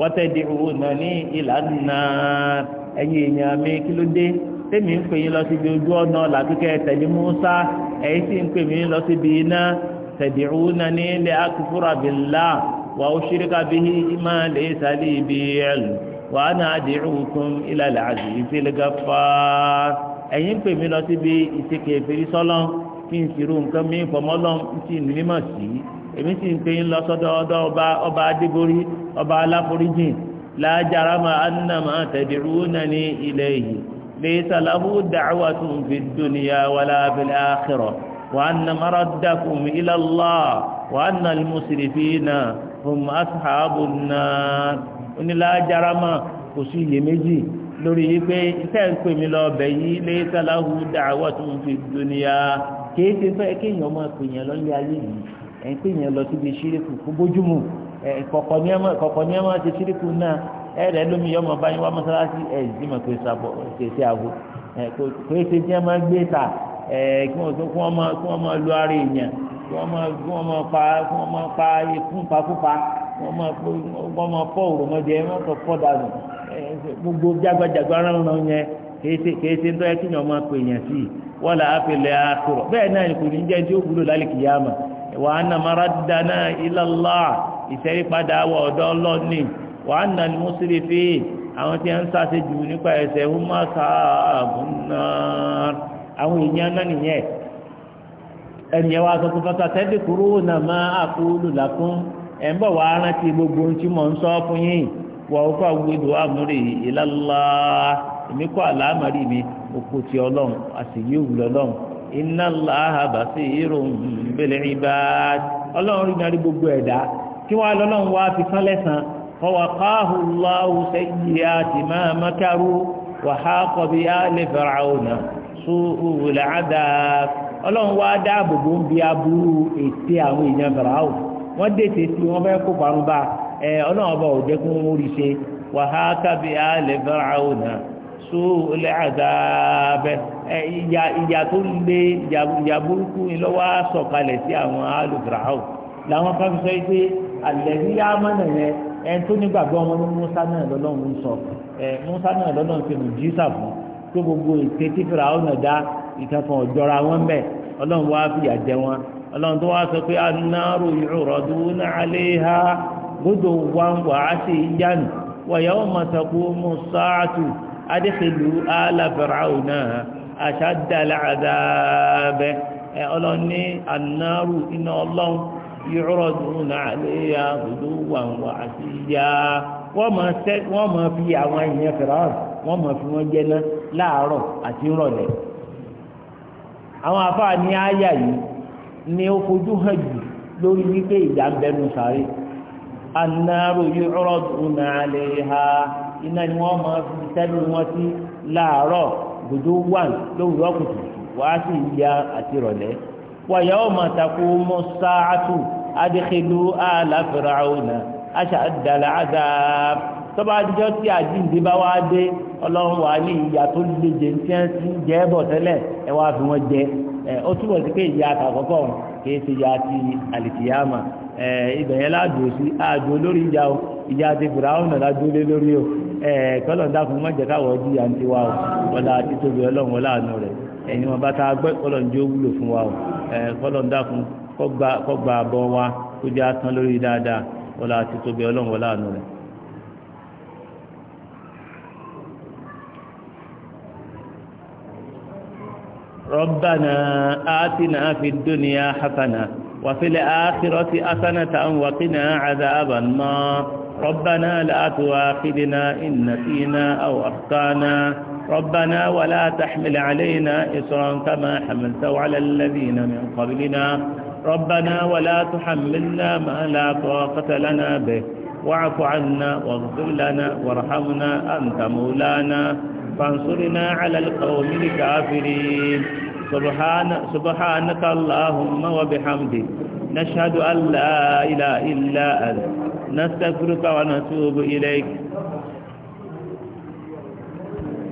watad'unani ila an-nar ẹ̀yin èèyàn mi kí ló dé tèmi ń pè lọ síbi ojú ọ̀nà tẹ̀lé Musa ẹ̀yin sì ń pè mí lọ síbi iná tad'unani li akfura billah wa ushrika bihi ma wa ana ad'ukum ila al-'azizil ghaffar ẹ̀yin ń pè mí lọ síbi sọ́lọ́ kí n sì nǹkan fọmọ́lọ́ èmi sì ń pè yín lọ sọ́dọ̀ ọ̀dọ̀ ọba ọba adégorí ọba aláforíjìn lájàrámà annama tad'unani ilayhi laysa lahu da'watun fid dunya wala fil akhirah wa anna maraddakum ila Allah wa anna al-musrifina hum ashabun nar onílájàrámà kò sí iyèméjì lórí wípé iṣẹ́ ń pè lọ ọbẹ̀ yìí lé sàláhù da'watun fid dunya kìí ṣe fẹ́ kéèyàn máa pè yẹn lọ́lé ayé yìí ẹni pé èèyàn lọ síbi ṣíríkù kó bójúmu kọ̀kọ̀ ní ẹ máa ṣe ṣíríkù náà ẹ rẹ lómi yọmọ báyìí wá mọ́sálásí ẹ ìdí mọ̀ pé ṣe àgbo kò ṣe tí ẹ máa gbé ta kí wọ́n máa lu ara èèyàn kí wọ́n máa kí wọ́n máa pa kí wọ́n máa pa ikú pakúpa kí wọ́n máa kó wọ́n máa fọ́ òròmọdé ẹ máa sọ fọ́ dànù gbogbo jágbajàgba ara wọn yẹn kèé ṣe ń tọ́ ẹ kí wọ́n máa pè yẹn sí i wọ́n là á fi lẹ́ àkùrọ̀ wa á nà maradana ila Allah ìtẹ́rípadà wà ọ̀dọ̀ ọlọ́ọ̀ni wà á nà ní mùsùlùmí àwọn tí wọ́n ń sáṣe jù nípa ẹ̀sẹ̀ húmọ́ sáàbùn náà àwọn èèyàn náà nìyẹn ẹnìyẹn wàá sọ fún fata tẹ́lẹ̀ kúrò gbogbo ohun ila Allah mi inna Allaha basirun bil ibad ọlọ́run rí narí gbogbo ẹ̀dá kí wọ́n lọ́lọ́run wá fi kán lẹ́sàn fa waqahu Allahu sayyiati ma makaru wa haqa bi ali fir'auna su'ul adab ọlọ́run wá dáàbò bò ń bi aburú ètè àwọn èèyàn fìràwò wọ́n dètè sí wọn fẹ́ kó parun bá ọlọ́run ọba ò jẹ́ kó rí ṣe wa haqa bi ali fir'auna sóò lẹ́ àdáàbẹ̀ ìyà tó lé ìyà burúkú ni sọ̀kalẹ̀ sí àwọn làwọn sọ pé àlẹ́bí yá mọ́nà yẹn ẹni tó nígbàgbọ́ ọmọ ní Musa náà lọ́lọ́run sọ ẹ Musa náà lọ́lọ́run fi jísà fún tó gbogbo ète tí fìrà ọ̀nà dá ìkẹfọ̀n ọ̀jọ́ra wọn bẹ̀ ọlọ́run wá fìyà jẹ wọn ọlọ́run tó wá sọ pé gbọ́dọ̀ wàásì adéṣèlú alábẹ̀ráùnà àṣàdàláàdáàbẹ̀ ọlọ́ni anáàrù iná ọlọ́run yọ́rọ̀dúnà àléyà gbogbo wà wà àti ìyá wọ́n mọ̀ fi àwọn èèyàn fẹ̀ràn wọ́n mọ̀ fi wọ́n jẹ́ná láàárọ̀ àti rọ̀lẹ́ àwọn afáà ní àyà yìí ni ó fojú hàn jù lórí wípé ìjà ń bẹnu sáré anáàrù yọ́rọ̀dúnà àléyà iná ni wọ́n máa fi sẹ́nu wọn sí láàárọ̀ gbòdó wà lówùrọ̀ kùtùkùtù wàá sì ya àti ìrọ̀lẹ́ wàyà ọmọ àtàkù mọ́sáàtù adékèlú àlàfẹ́rẹ́ àwòrán aṣàdàlà àdáàb tọ́ba àdìjọ́ tí àjíǹde bá wá dé ọlọ́run wà ní ìyà tó lè jẹ ní tiẹ́ ti ń jẹ́ bọ̀ tẹ́lẹ̀ ẹ wá fi wọ́n jẹ ẹ ó túbọ̀ sí pé ìyà àtàkọ́kọ́ kì í ṣe ìyà ti àlìkìyàmà ìbẹ̀yẹ láàdùn sí àjò lórí ìjà o ìjà ti fura ọ̀nà lájú lórí o kọ́lọ̀ mọ́ má jẹ́ káwọ́ jí àǹtí wa o la tóbi ọlọ́run láàánú rẹ̀ ẹ̀yin wọn bá ta gbẹ́ fún wa o ربنا آتنا في الدنيا وفي الآخرة أثنة وقنا عذاب النار ربنا لا تواخذنا إن نسينا أو أخطانا ربنا ولا تحمل علينا إصرا كما حملته على الذين من قبلنا ربنا ولا تحملنا ما لا طاقة لنا به واعف عنا واغفر لنا وارحمنا أنت مولانا فانصرنا على القوم الكافرين سبحان سبحانك اللهم وبحمدك نشهد أن لا إله إلا أنت نستغفرك ونتوب إليك